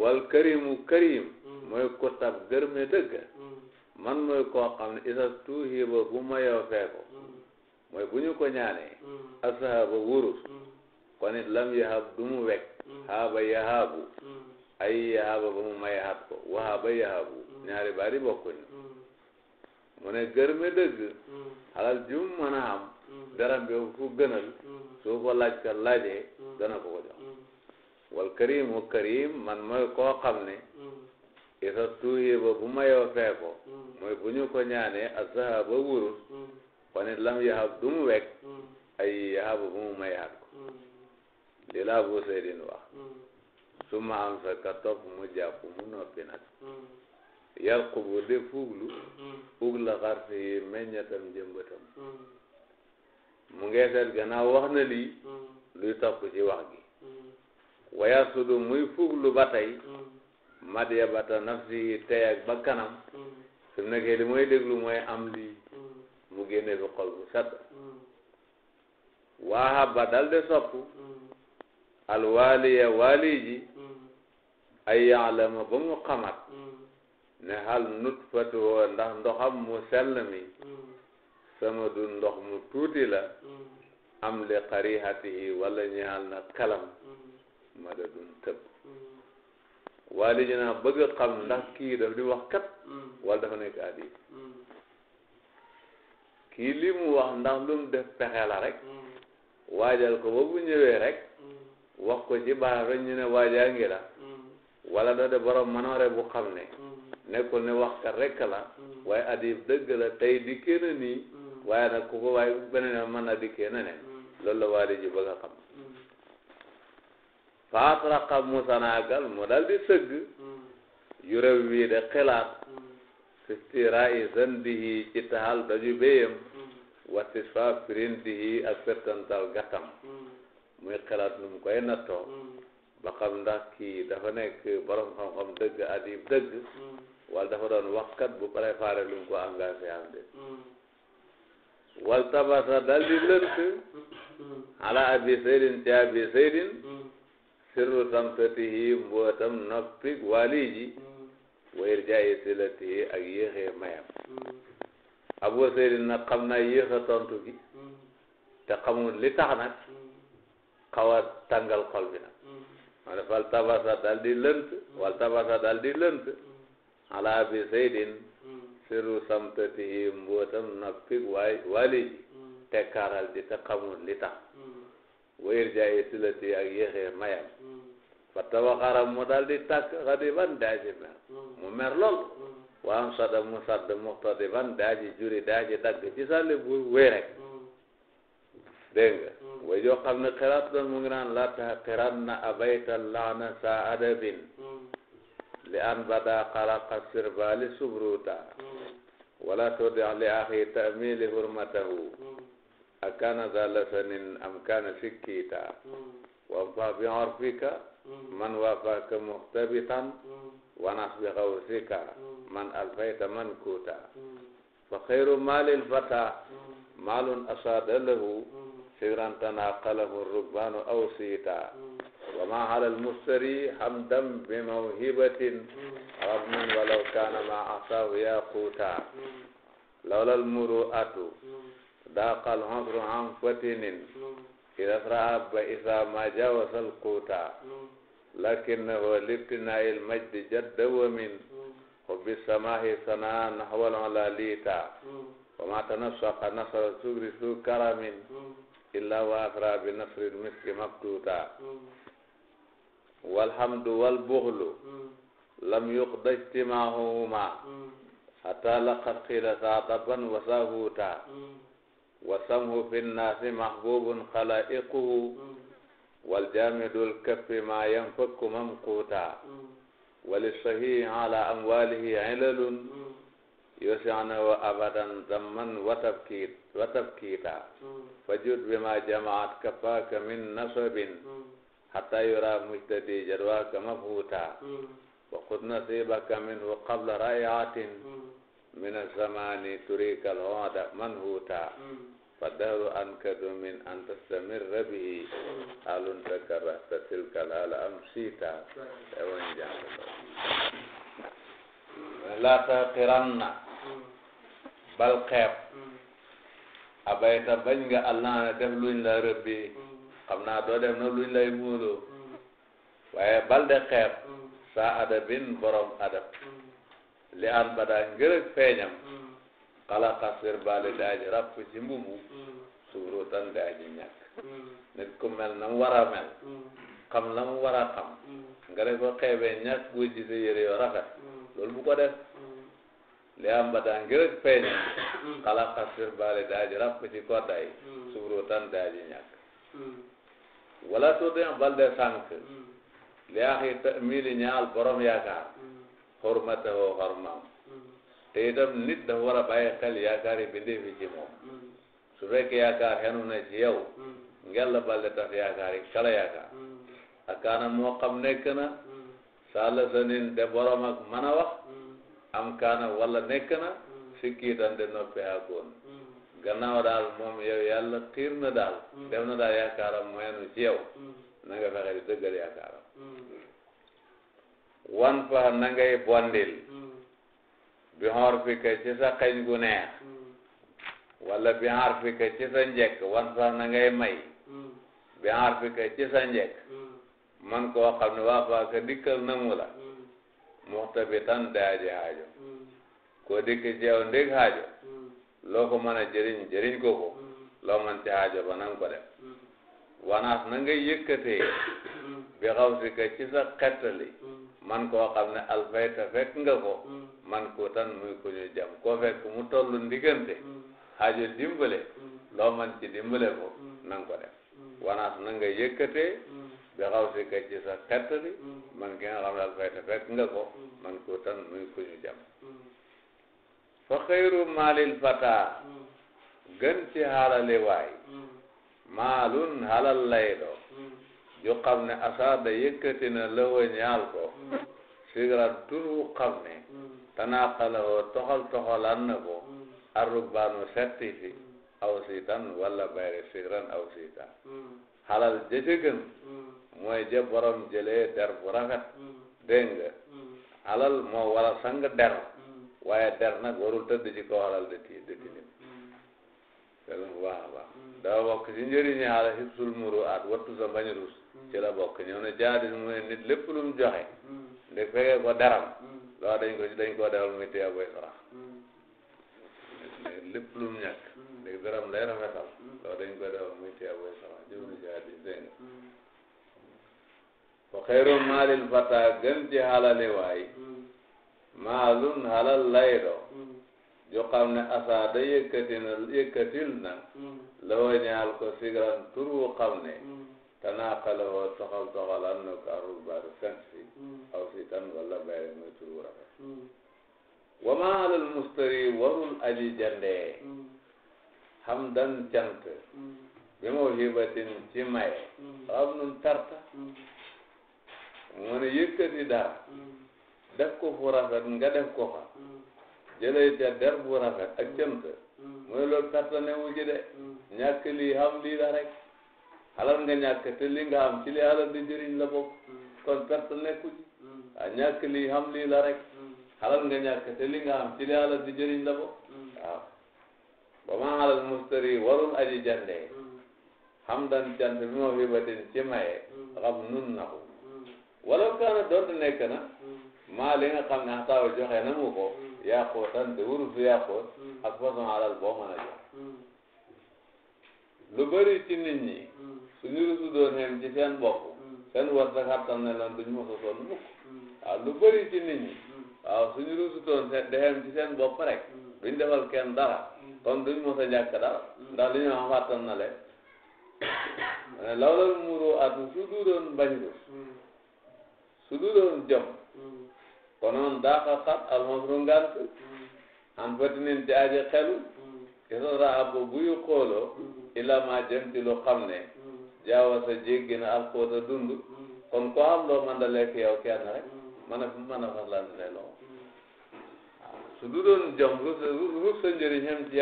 wal karimu karim hmm. mooy ku tab gërme dëgg man mooy koo xam ne isa tuuhiba bu ma yow feeko mooy bu ñu ko ñaanee asahaba wurus kon it yahab du mu wek haaba yahabu ay yahaba ba mu ma yahab ko wahaba yahabu ñaari baari bokkuñu mu ne gërme dëgg xalal jum mën a dara mm-hmm. bi ku gënal mm-hmm. soo ko laaj ka laajee mm-hmm. dana ko ko jox wal karimu karim man mooy koo xam ne isa tuuhi ba bu mayoo fee ko mooy bu ñu ko ñaanee azahaba wurus xonit lam yahab du mu wekk ay bu mu mayaat ko li bu seydin wax su ma am ka topp mu jàpp mu noppi nag yar xubu de fuuglu ugla xar fi meññatam jëmbatam mu ngi seet gannaaw wax na lii mm. luy topp ci wax gi mm. waya sudu muy fuglu ba tey mm. madiya bata nafsi tey ak bakkanam su nekkee li mooy déglu mooy am lii mu génne bi xol bu set waaxa ba dal de sopp alwaaliya waali ji ay yaalama ba mu xamat ne xal nut fatuwoo ndax ndoxam mu sell mi sama du ndox mu tuuti la mm. am li qarihatihi wala ñaal na kalam mm. ma da dun tëb mm. waali ji naa bëgg a xam ndax kii daf di wax kat wala dafa nekk adib kii li mu wax ndax lu mu def pexe la rek waajal ko ba bu ñëwee rek wax ko ci baax ñu ne waajaa ngi la wala da de borom manoore bu xam ne nekkul ne wax kat rek la waaye adib dëgg la tey di kenn nii waaye nag ku ko waaye beneen yoon mën na dikkee ne ne mm. loolu la waa ji bëgg a xam mm. faatraqa mu sanaagal mu dal di sëgg mm. yurew wii de xilaat fistirai zandihi ci taxal daju béyam wastisfa firindihi ak settantal gàttam muy xilaat nu mu koy nattoo ba xam ndax kii dafa nekk borom xam-xam dëgg adib dëgg wala dafa doon waxkat bu préparé lu mu ko engagé am de waltabasa daldi lënt ala abi saydin ci abi saydin sirru samsatihi mbootam noppig wali ji wayir jaayi silatihi ak yéexee mayam abu saydin nag xam na yéex a tontu gi te xamul li tax nag xaw a tàngal xol bi nag ma ne faltabasa daldi lënt waltabasa daldi lënt ala abi saydin siru samtatihi mbootam noppi waay waali ji mm. tekkaaral ji te xamul li tax mm. wayir silati ak yéexee mayam mm. fa tawaxaram mu daal di tàkk daaji mer mu mer lool waam sada mu sadd muxtadiban daaji juri daaji dagg ci sàlli bu wéy rek dégg nga way xam ne xiraat mu ngi naan laa xiraat na abayta laana saa adabin li an bada xaraqa sirbali subruta wala todix li axi tamili hurmatahu akana za lasanin am kana sikkita wanfa bi orfika man wafaka muxtabitan wanas bi xawsika man alfayta man kuuta fa xayru maalil fata maalun asaada lahu sigran tanaqalahu rubbanu aw siita wama halal mustari hamdan bi mawhibatin rabman walaw kana ma asahu yaquta lawlal muru'atu daqal honsru han fatinin idas ra'a ba isa ma jawasal quta lakinnahu libtina'il majdi jadda wa min hubbi samahi sana nahwal alalita wama tanassaqa nasara sugri su karamin illa wa asra bi nasrin miski maktuta walhamdu wal buxlu hmm. lam yuqda ijtimaahumaa hmm. hatta laqad qila saadaban wa sahuuta hmm. wa samhu fi nnaasi mahbubun xalaiquhu wal jaamidul kaffi ma yanfakku mamquuta walisahihi ala amwalihi ilalun yusinahu abadan damman wa tabkiit wa tabkiita fajud bima jamaat kafaaka min nasabin hatta yura mujtadijan wa kama fuuta wa khud nasibaka minhu qabla rayaatin min azamani turika alhooda manhuuta fa dahru ankadu min an tastamirra bihi halun takarrahta tilka alhaala amsita ewan jangalo la taqiranna bal xeeb abayta bañ nga allah na def luñ la rëbbi xam naa doo def nag luñ lay muuloo waaye balde xeeb saa adabin borom adab li an bada ngërëg feeñam xalaqa sirbaali daaji ràpp ci mbubu suurutan daaji ñàkk nit mel na mu war a mel xam la mu war a xam nga ne ko xeebee ñàkk buy gisee yére yoo rafet loolu bu ko def li am ba daan ngërëg feeñam xalaqa sirbaali daaji ràpp daaji ñàkk wala soo dee bal de sànq mm. li axi tamili ñaal borom yaakaar mm. xormatawoo xormaam mm. te itam nit dafa war a bàyyi xel yi bindee fi ci moom su fekkee yaakaar xenu na ci yow ngel la bal de tas yi kala yaakaar ak kaanam moo xam nekk na saa la sa nin de borom ak mën wax am kaana wala nekk na sikkiitan de noppi aagoon gannaaw daal moom yow yàlla xiir na daal mm. def na daal yaakaaram moyenu ci yow mm. na nga fexe dëggal yaakaaram mm. wan fa na ngay bondil bi xor fi ka ci sa xeñ gu neex bi xor fi ka ci sa njekk wan fa na ngay may bi xor fi ka ci sa njekk man koo xam ne waa faa ka dikkal na mu la muxtabitan daaji xaajo koo dikk ci yow ndég xaajo loo ko mën a jëriñ jëriñ ko ko mm-hmm. loo mën ci aajo ba nanga ko def mm-hmm. na nga yëkkatee mm-hmm. bi xaw si ka ci sa xettali man koo xam ne alfayta fekk nga ko man ko tan muy ko ñu jam koo fekk mu tollu ndigante aajo dimbale loo mën ci dimbale ko nanga ko def na nga yëkkatee bi xaw si ka ci sa xettali man ki nga xam ne alfayta fekk ko man ko tan muy ko jam fa xayru maalil fata gën ci xaalale waay maalun halal lay do ju xam ne asaada yëkkati na lëwa ñaal ko sigaran turu xam ne tanaqalahoo toxal toxalan na ko arrubaanu setti si aw siitan walla bayre sigaran aw siitan halal jëjë gën mooy ja borom jëlee der bu rafet dégg nga halal moo wala sang der waaye der nag warul tëdd ci kaw alal de ti de ti nit loolu bu baax a baax dafa bokk ci njëriñi ala hibsul muruaat wattu sa mbañ ruus ci la bokk ñëw ne jaadis mu ne nit lépp lu mu joxe nde fekkee ko deram loolu dañ ko dañ koo deral muy téye boy sarax lépp lu mu ñàkk nde deram lay rafetal loolu dañ ko deral muy téye boy sarax jëw ne jaadis dégg nga wa xayru maalil fata gën ci xaalale maalun halal laydo ju mm. xam ne asaada yëkkatina yëkkatil na mm. lawa ñaal ko sigran tur wu xam ne mm. tanaqala woo toxal toxal am na ko arul baatu sensi aw si tan walla bayre muy tur wu rafet wa maa alal mustari warul aji jandee xam dan cant bi ma hibatin ci maye xam nun tarta mu ne yëkkati dara def ko fu rafet nga def ko fa jëlee ca der bu rafet ak jëmt mooy loolu perte ne wu ji de ñàkk lii xam lii la rek alal nga ñàkk te nga am ci li alal di jëriñ la bokk kon perte nekku ci ñàkk lii xam lii la rek alal nga ñàkk te nga am ci li alal di jëriñ la bokk waaw ba ma alal mustari warul aji jandee xam dan jant bi ma fi ba din ci maye xam nun na ko wala kaana doon nekk na maa li nga xam ne xataaw joxe na mu ko yàqoo tan te wurus du yàqoo ak façon alal boo mën a jox lu bëri ci nit ñi suñu rusu doon xem ci seen bopp lan duñu mos a sonn mukk waaw lu bëri ci nit ñi waaw suñu rusu doon de xem ci seen dara kon duñ mos a ñàkk dara ndax li ñu am xattan na leen jom konoon daaka xat almasru ngant an fatinin ci aji xelu isara abu buyu xooloo ila ma jëm ci lu ne jaawasa jéggi na alxóota dund kon ko am loo mën da lekk yow kenn rek mën a mën a farlan ne loo su du doon jom ru ruuf sa njëriñ xem ci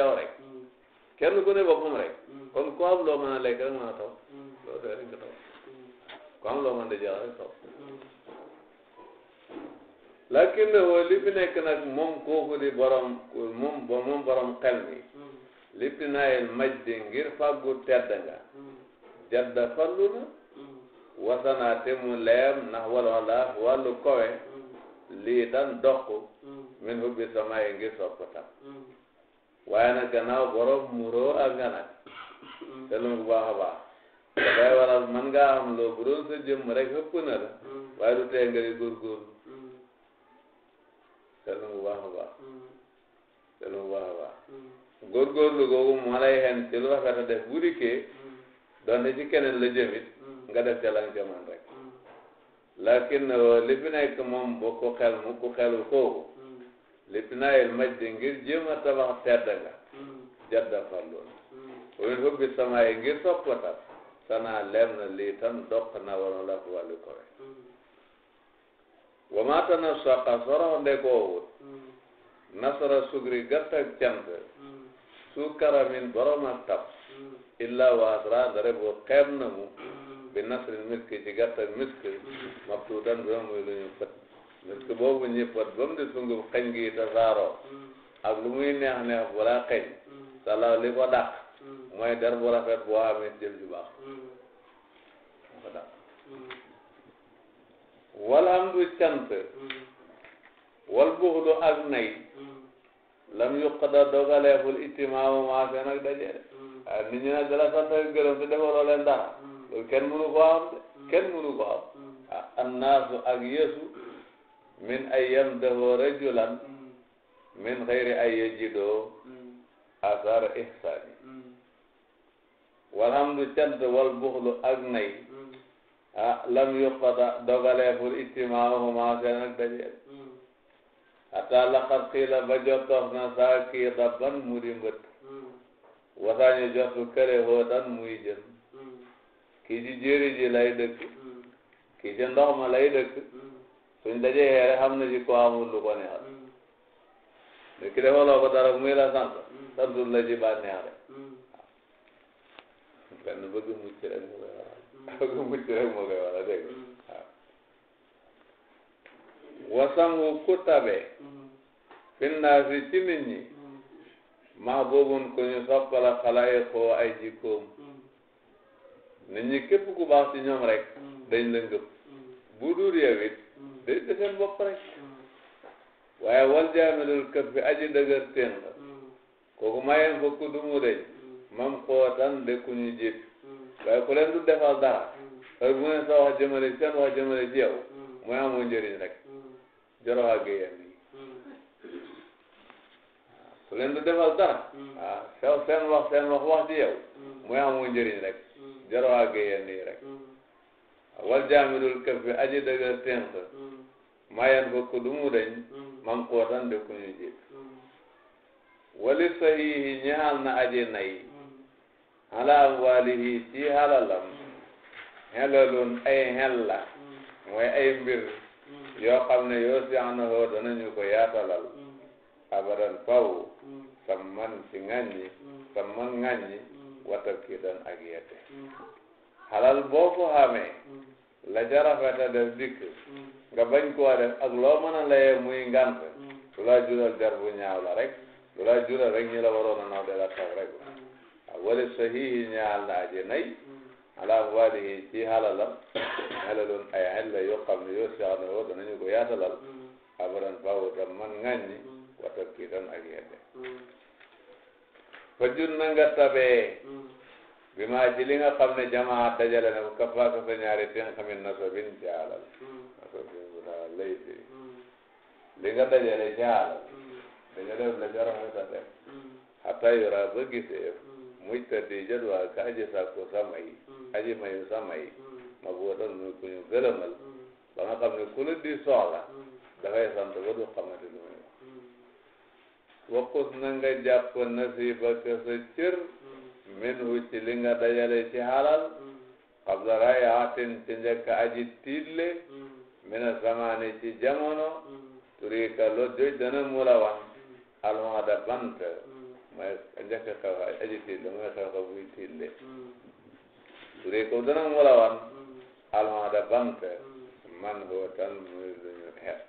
kenn ku ne boppam rek kon ko am loo mën a nga toog ko am loo mën da jaw lakin li fi nekk nag moom kooku di borom moom borom xel mi majdi ngir fàggu tedd jadda farlu na wasanaa te mu leer ndax wala la wàllu kowe lii dan doq min hubbi samaay ngir sopp tam waaye nag gannaaw borom muroo ak nga nag te lu bu baax a baax dafay waral man ngaa am loo bu doon sa jëmm rek hëpp nga di góorgóorlu seetlu bu baax a baax seetlu bu moo lay xen ci lu rafet def bu dikkee hmm. doon na ci keneen la hmm. nga def ca lan rek hmm. lakin uh, li fi nekk moom bu ku xel mu ku xelu kooku li fi naayil ngir jéem a tabax tedd nga jadda farloon wamin hubbi samaayi ngir soppata sanaa leer na lii tam doq na wala la ko wàllu wa maata nafsaqa sorox nde koowut nasara sugri gàttak cant su karamin borom ak tab illa wa asra dare bu xeeb na mu bi nasrin misk ci gàttak misk mabtuudan bi muy lu ñu fët misk boobu ñi fët ba mu di sungub xeñ gi tasaaroo ak lu muy neex neex bu la xeñ salaaw li ko mooy der bu rafet boo amee jëf ju baax ko dàq wal hamdu cant wal buxdu ak nay lam yuqada dogaleeful itimaamu maase nag daje de waaw nit nag dala sant ak gërëm te defaloo leen dara loolu kenn mënu ko am kenn mënu ko am ah ak yeesu min ay yamdahoo rajulan min xayri ay yajidoo asar ihsani wal hamdu cant wal buxdu ak nay ah lam yuqada dogalee pour ijtimaahuma seen ak daje hatta laqad qiila ba jottof na saa kii dabban mu di mbët wasañu jottu këre hootan muy jëm kii ci jéeri ji lay dëkk kii ci ndox ma lay dëkk suñ daje xeere xam na ci ko amul lu ko neexal ne ki defaloo ko dara muy la sant santul la ji bànneex rek benn bëgg mucc rek ku mucc rek moo koy wala dégg wasangu ci nit ñi maa boobun ku ñu soppala xalaayi xoo ay jikkoom nit ñi képp ku ñoom rek dañ la ngëp bu dul yow it dañ de seen bopp rek waaye wal jaamilul këf bi aji dëgër teen la kooku mayeen ko ku dumu deñ mam ku ñu jéppi waaye ku leen du defal dara heure bu ne sa wax jëmale seen wax jëmale ci yow mooy amoo njëriñ rek joro ak yéen ñi ku leen du defal dara waaw seen wax seen wax wax ci yow mooy amoo njëriñ rek joro ak yéen rek wal jaamidul këf bi aji dëgër tenq mayan fa ku du mu dañ man kootan de ku ñu jiit wali sahihi ñaal na aji ala amwalihi ci halalam xelalun ay xel la mm. mooy ay mbir mm. yoo xam ne yoo si anahoo danañu ko yaatalal mm. abadan faw samman ci ŋàññi samman ŋàññi watak kiitan ak yette halal boo ko xamee la jarafeta def dikk nga bañ koo def ak loo mën a layee muy ngànt lu jural jar bu ñaaw la jural rek ñi la waroon a naw wala sahihi ñaal na aji nay hmm. ala amwaalihi ci halalam halalun ay hella yoo xam ne yoo sax ne woo danañu ko yaatalal hmm. abadan faawu tam man ŋàññi hmm. wata kiitan ak yedde fa jun na nga bi maa ci li nga xam ne jamaa dajale na ko kafaaka sa ñaari ten xamin nasobin ci halal nasobin bu daa lay firi li nga dajale ci halal dañu def la jarafeta def xata ba gisee mujtadi jël waa ka aji sàkku sama yi aji mayu sama yi ma boo doon muy ku ñu ba nga xam ne ku di soxla dafay sant ba du xamante lu muy wax waqus na nga jàpp sa cër min hu ci li dajale ci halal qabla rayaatin ci njëkk aji tiille mina samaani ci jamono turika lo joj dana mu la wan almoada bant mooy njëkk a xew ay aji tiit la mooy xew xew buy tiit de su dee ko dana mu la wan almaada bant man huwa tan muy lu ñu xett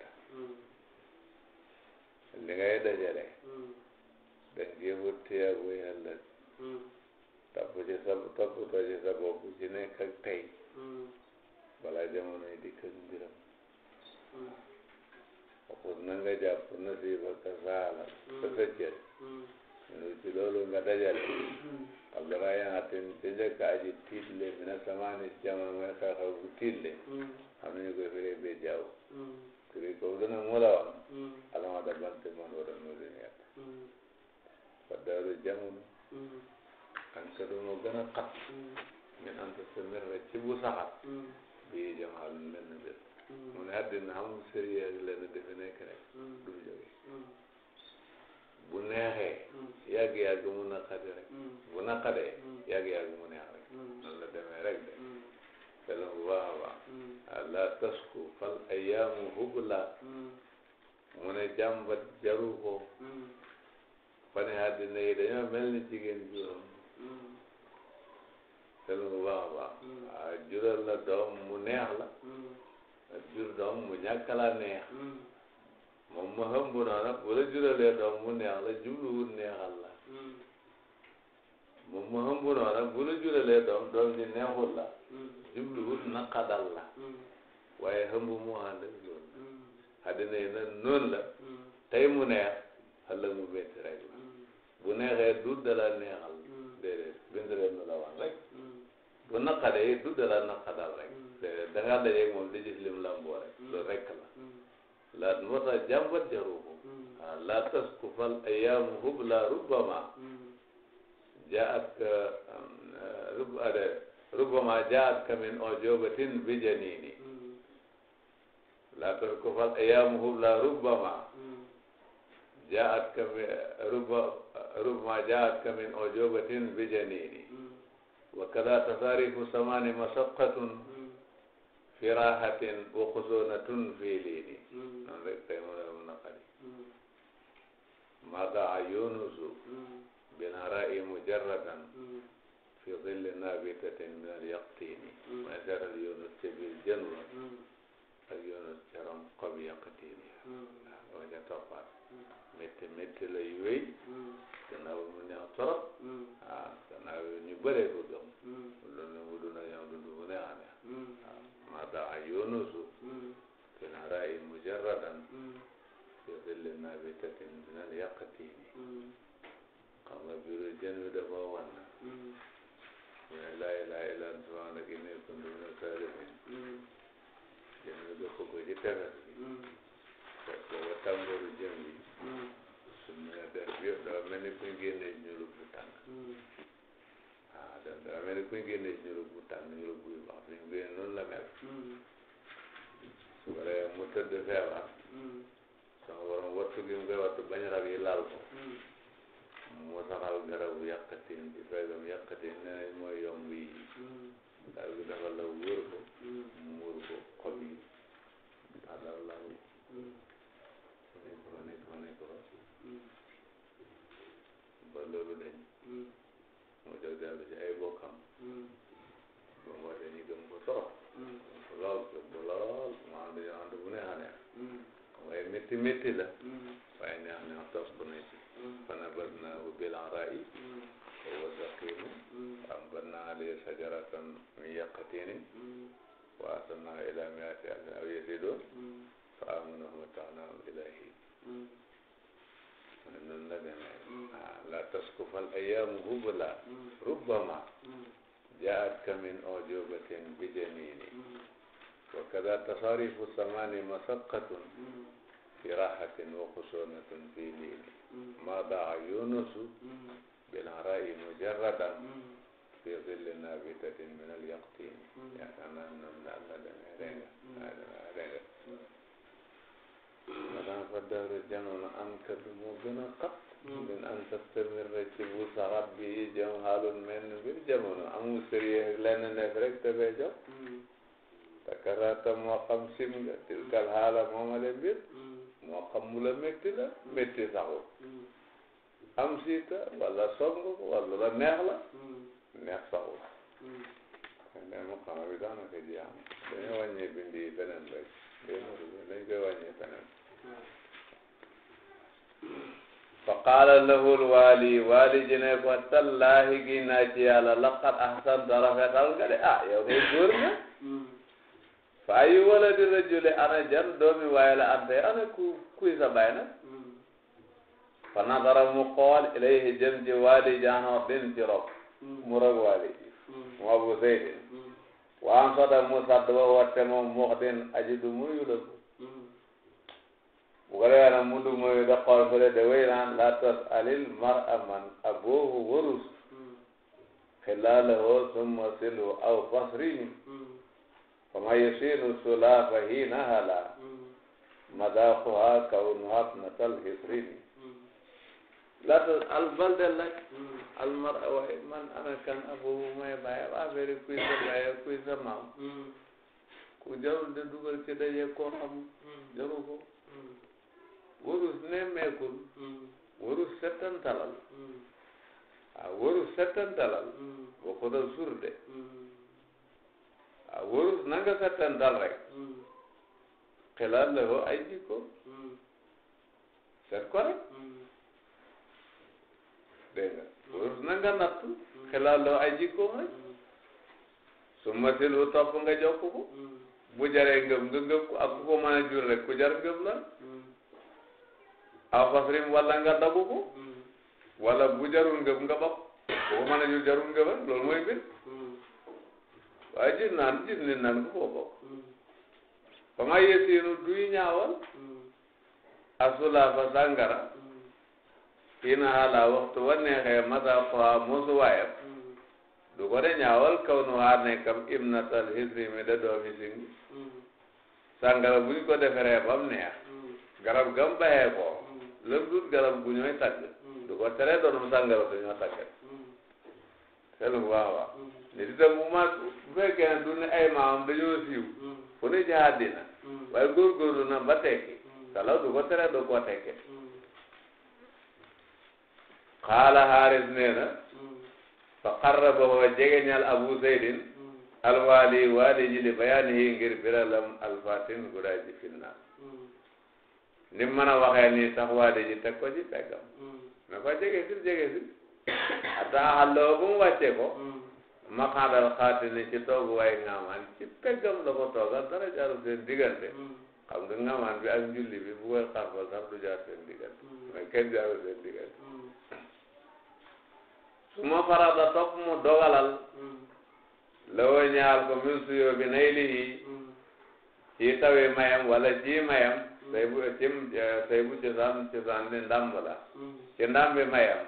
li ngay dajale dañ ci wut tiyaabu yàlla topp ci sa toppatoo ci sa bopp ci nekk ak tey bala jamono yi dikk ak mbiram waxut na nga jàpp nasiiba ka saala sa sa cër si loolu nga dajale qabla rayaatin ca njëkk aji tiitle mina samaani jama mooy xew-xew bu tiitle am nañu koy firi be jaw kiri ko dana mu la wan alama da bante man wara nuuri ñett fa daaru jamono an ka du mu gën a xat min an tastamirra ci bu saxat bii jamal lenn bés mu ne àddina amul sérieux lenn dafa nekk rek du jóge bu neexee mm. yàgg yàgg mu naqadi rek mm. bu naqadee mm. yàgg yàgg mu neex rek noonu la demee rek de selam bu baax a baax ala ah, fal ayaamu hubla mu ne jàmbat jaru ko fane àddina yi dañoo mel ni jigéen juróom selam bu ah, doom mu neex la jur doom mu ñàkk moom ma xam bu noona bu la juralee doom mu neex la jubluwul neexal la moom ma xam bu noona bu la juralee doom doom ji neexul la jubluwul naqadal la waaye xam bu mu ànd ak loolu àddina yi nag noonu la tey mu neex ëllëg mu bett bu neexee du dala neexal hmm. déedéet bindiree nu la wax rek hmm. bu naqadee du dala naqadal rek hmm. déedéet da ngaa dajeeg di gis lim lamboo rek loolu rek la laa wata jàmbat jaru ko ah laa tas ku fal ayaamu hub laa rubbama jaat ka rub ade rubbama jaat ka min ojobatin bi janini laa tas ku fal ayaamu hub laa rubbama jaat ka min rubba rubbama jaat ka min ojobatin bi janini wa kada tasarifu samani masaqatun firahatin wa xusonatun fii liini noonu mm-hmm. rek tey mu ne mu naqari mm-hmm. madaa yunusu mm-hmm. binara'i mujarradan fi dilli nabitatin min al yaqtini may seetal yunus ca biir jën wa ak yunus ca ron xob yaqtini wa ca toppaat métti métti lay wéy gannaaw mu neex torop ah gannaaw ñu bëree ko gëm loolu mu dund ak ñoom dund bu neex a neex madaa yunusu fi naraayi mujarradan fi dilli naabitatin minal yaqatini xam nga biiru jën wi dafa wanna mu ne laa ilaaha illa anta subhaanaka innii kuntu mina zaalimiin jën wi gëpp ko ci tefes gi fekk booba tàmbooru jën wi su mu ne der bi yëpp dafa mel ni kuy ko génnee ci ñu rëbb bu tàng ñu rëbb yu baax suñ génnee noonu la mel mm-hmm. su ko defee mu tëdd feebar mm-hmm. sama borom wattu gi mu koy wattu bañ rab yi laal ko mu mm-hmm. saxal garabu yàqatin bi feegam yàqatin nee nañ mooy yomb yi daal gi dafa la wóor ko muur ko xob yi daal daal la wóor ba loolu dañ mu jóg dellu ci ay bokk moom moo tax ñu gëm ko trop. gëm ko lool gëm ko lool mu ànd yoo ànd bu neex a neex. waaye métti métti la. waaye neex na topp na ci. فنبذناه بالعراء وهو سقيم وأنبتنا عليه شجرة من يقطين وأرسلناه إلى مائة ألف أو يزيدون فآمنوا ومتعناهم إلى حين من الذين لا تسقف الأيام هبلا ربما jaatka min ujubatin bi jamini wa kada tasarifu samani masaqatun fi rahatin wa qusunatun fi nini ma daa yunusu bil ara'i mujarradan fi zilli nabitatin min al yaqtin yaakaar naa noonu la la demee dégg nga dégg nga maanaam fa dara jamono am kat moo gën a xat min an tastamira ci bu saxat bi jëm xaalun menn mbir jamono amul sérieux lenn nekk rek te bee jot takarata moo xam sim nga tilkal xaala moomale mbir moo xam mu la métti la métti saxu am siita wala song wala neex la neex saxu ne mu xam bi daanaka ji am dañu wàññee bindi yi beneen rek dañ koy fa qaala lahul waali waali ji ne ko tallaahi gi naa ci yàlla laqad ahsan ta rafetal nga de ah yow kay góor nga fa ayu waladi rajuli ana jan doomi waaye la ante ana ku kuy sa baay nag fa nadara mu xool ilayhi jëm ci waali ji ana ordin ci rob mu rog waali ji mu abu zeydin wa an sada mu sadd wa watte moom muxdin aji du muy yulag bu ko defee nag mu dugg mooy da xool fële de wéy naan laa tas alil mar aman aboohu warus xilaalahoo summa silu aw fasrini fa ma yusinu sulaafa hiina hala madaaquha kawnuha abnatal hisrini laa tas al balde lak al mar waaye man ana kan may bàyyi ba affaire kuy sa bàyyi kuy sa maam hmm. ku jarul de dugal ci daje koo xam hmm. jaru ko warus nemmeekul warus settantalal waaw warus settantalal bokku dal surde waaw warus nanga settantal rek xilaat la ko ay jikko set ko rek dégg nga warus nanga nattu xilaat la ko ay jikkoom rek su ma silu topp nga jokk bu jaree ngëb nga ngëb ku ko mën jur rek ku jar ngëb aw fasrim walla nga dabu ko mm. walla bu jarul ngëb nga bap boo mën a ñu jarul ngëbal loolu mooy mbir mm. waaye ji naan ji ni naan ko foo bokk mm. ba ma yéeseenu duy ñaawal asula fa sàngara ina hala waxtu wa neexee masa fa mosu waayam du ko de ñaawal kaw nu haa nekkam imnatal hisri mi da doomi singi sàngara buñ ko deferee bam neex garab gam baxee ko lëm dut garab bu ñooy tàgg hmm. du ko doon sàngara dañoo tàggat hmm. xelu bu baax a baax hmm. nit itam bu ma bu fekkee ne du ne ay maamam dañoo siiw fu ne ci àddina waaye góorgóorlu na ba tekki salaw du ko tere du ko tekke xaala xaaris nee na fa qarrabahu jege ñal abu zeydin alwaali waali ji li bayaanihi ngir biralam ni mën a waxee nii sax waa di ji teg ko ci peggam hmm. na ko jege si jege si ataa xalloo bu mu wàcce ko hmm. maqaadal xaatini ci toogu waay ngaamaan ci peggam la ko toogal dara jaarul seen diggante hmm. xam nga ngaamaan bi ak njulli bi bu koy xarfal sax du jaar seen diggante mais kenn jaarul seen diggante su ma farada topp mu dogalal lawo ñaal ko min ci tawe mayam wala ci mayam say bu cim say bu cosaan cosaan li ndàmb la ci ndàmbi mayam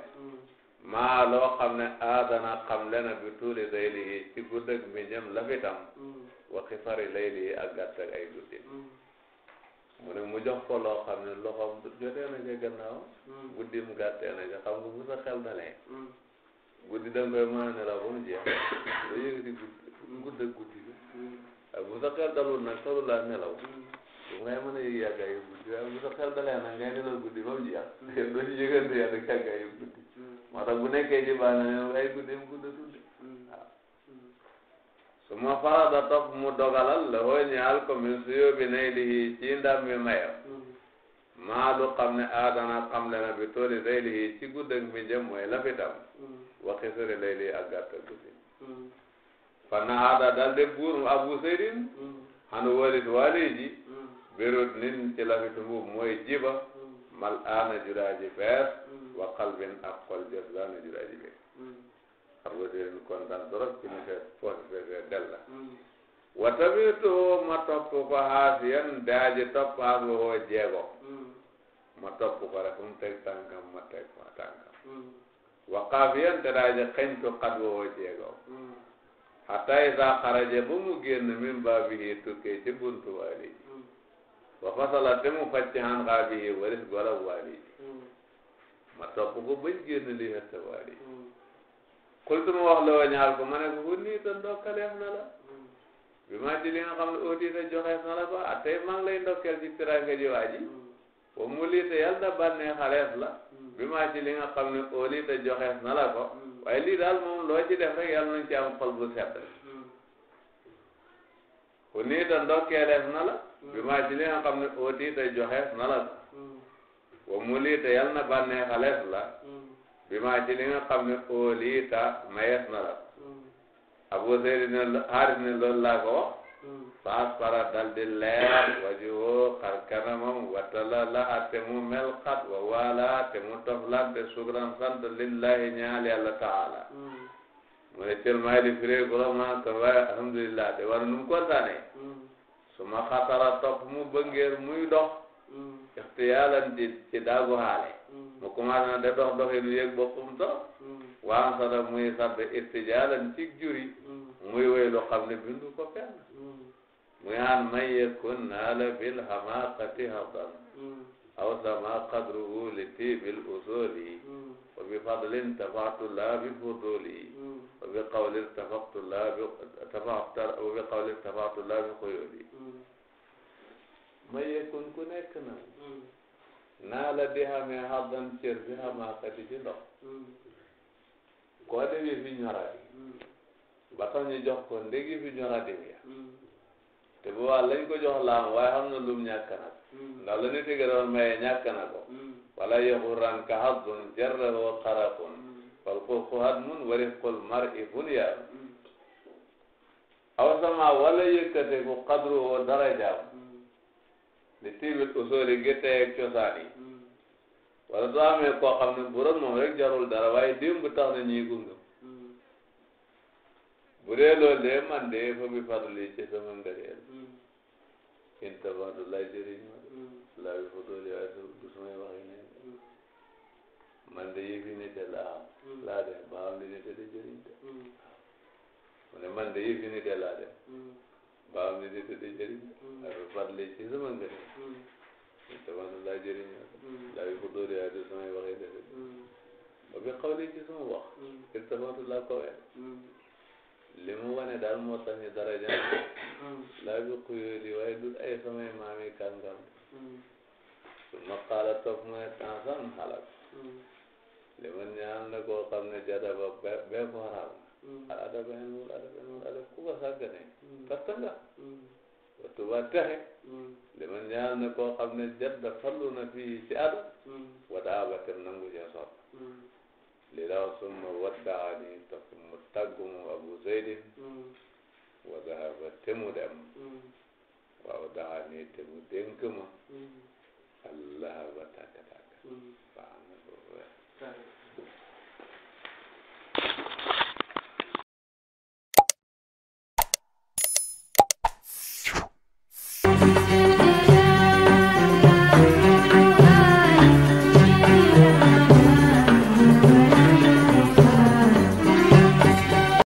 maa loo xam ne aadana xam le na bi tuuli layli yi ci gudd ak mbiñam lafitam wa xifari layli yi ak gàtt ak ay mu ne mu jox ko loo xam ne loxoom jotee na ca gannaaw guddi mu gàttee na ca xam nga bu sa xel dalee guddi da nga koy mën a nelaw ba di gudd gudd ak guddi ak bu sa xel dalul bu may mën a yàggaay yu guddi waaye bu sa xel dalee nag ngay nelaw guddi ba mu mm. jeex kenn doo ci yëgante yàlla e yàggaay yu guddi moo tax bu ay guddi mu gudda tudde waaw su ma farada topp mu dogalal la hoo ñaal ko min suyoo bi nay lihi ci ndam mi mayam maa lu ne aadana le na bi tooli day lihi ci gudd ak mi jëm mooy lafitam waxi sori lay lihi ak gàtt guddi fa na aada dal de buur abu seydin xanu walit waali ji wérut nin ci lafitu mbuub mooy jiba mal aana juraaji fees wa qalbin ak xol jot laana juraaji fees xam nga seen kontaan trop ci mu fees poos feesee del la wa tabitu ma topp ko haasiyan daaji topp haasu hoo jeego ma topp ko rek fu mu teg tànkam ma teg ma tànkam wa te daaji xeñtu xad wo hoo jeego hatta isa xaraje ba mu génn min baabihi tukkee ci buntu waali wa fasala te mu faj ci han xaabi yi waris gola waali hmm. ma topp ko bañ génn li hetta waali kultu hmm. wax la wa ko ma ne ko ta ndokkaleef na la hmm. bi ma ci li nga xam ne ta joxeef na la ko a ah, tey maa ngi ci tiraanga ji waa ji wa mu lii te yàlla na la bi ma ci li nga xam oli ta joxeef na la ko waaye lii daal moom loo ci def rek yàlla nañ ci am xol bu sedd hunni ta ndokkeeleef na la bi maa li nga xam ne ootii te joxeef na la wa mu yal na bànnee xaleef la bi maa li nga xam ne oolii ta mayeef na abu seydi ne xaaris ne loolu laa ko wax para dal di leer wajoo xar kanamam watala la ate mu mel xat wa waala te mu toflante sukran lillahi ñaal yàlla taala mm. mu ne cël maay di firee ma ka waaye alhamdulillah de war nu mu su ma xatara topp mu bëngeer muy dox mm. ixtiyaalan di ci daagu xaale mm. mu commencé na de dox doxin yëg boppam sax mm. waan sada muy sadd istijaalan ci juri muy wéy lu xam ne bindu ko fenn muy aan man yakun naala bil xamaaqati hadan aw sama qadruhu li tiibil usuli wa bi fadlin tafaqtu bi fuduli wa bi qawlin tafaqtu bi tafaqtu wa bi qawlin tafaqtu bi xuyuli ma yëkkun ku nekk na naa la di xamee xaddan cër bi xamaa kati ci ndox koo de bi fi ñoradi ba tax ñu jox ko ndégi fi ñoradi mi te bu waa jox laam waaye xam lum ñàkk nag ndax lu nit yi gën a maye ñàkk na ko hmm. wala yaxuran ka haddun jarrahu xaraqun fal hmm. xulqu hadmun wa rifqul mar'i bunyaanu hmm. aw sama wala yëkkate ku qadru woo darajaam li tiibit usooli gerte yeeg cosaan yi wala soo amee koo xam ne bu doon jarul dara waaye démb tax na ñuy gunge bu dee loolu de man de fa bi fadli ci sama ngëneel inta badu laa bi fuduli waaye du sumay wax yi neen man de yëfi nite laa am laa def ba xam li nite di jëriñ de mu ne man de yëfi nite laa def ba xam li nite di jëriñ de abi fadli ci sama ngëne nite man laa jëriñ laa bi fuduli waaye du sumay wax yi de ba bi xawli ci sama wax irtabatu laa kowe li mu wane daal moo tax ñu daraja laa bi xuyóoli waaye du ay samay maami kàngam su hmm. ma xaala topp mu ne tansan xalak hmm. li man ñaan na koo xam ne jadaba bee ko xaraam al hmm. adaba hen wul adaba hen wul adaba ku ko sàggane perte nga waxtu ba texe li man ñaan na koo xam ne jadda fallu na fii ci adab wadaa ba tem nangu ja li law summa waddaani topp mu tàggu abu zeydin wa dahaba te waaw daa ni te mu dénk ma allah ba tàkk tàkk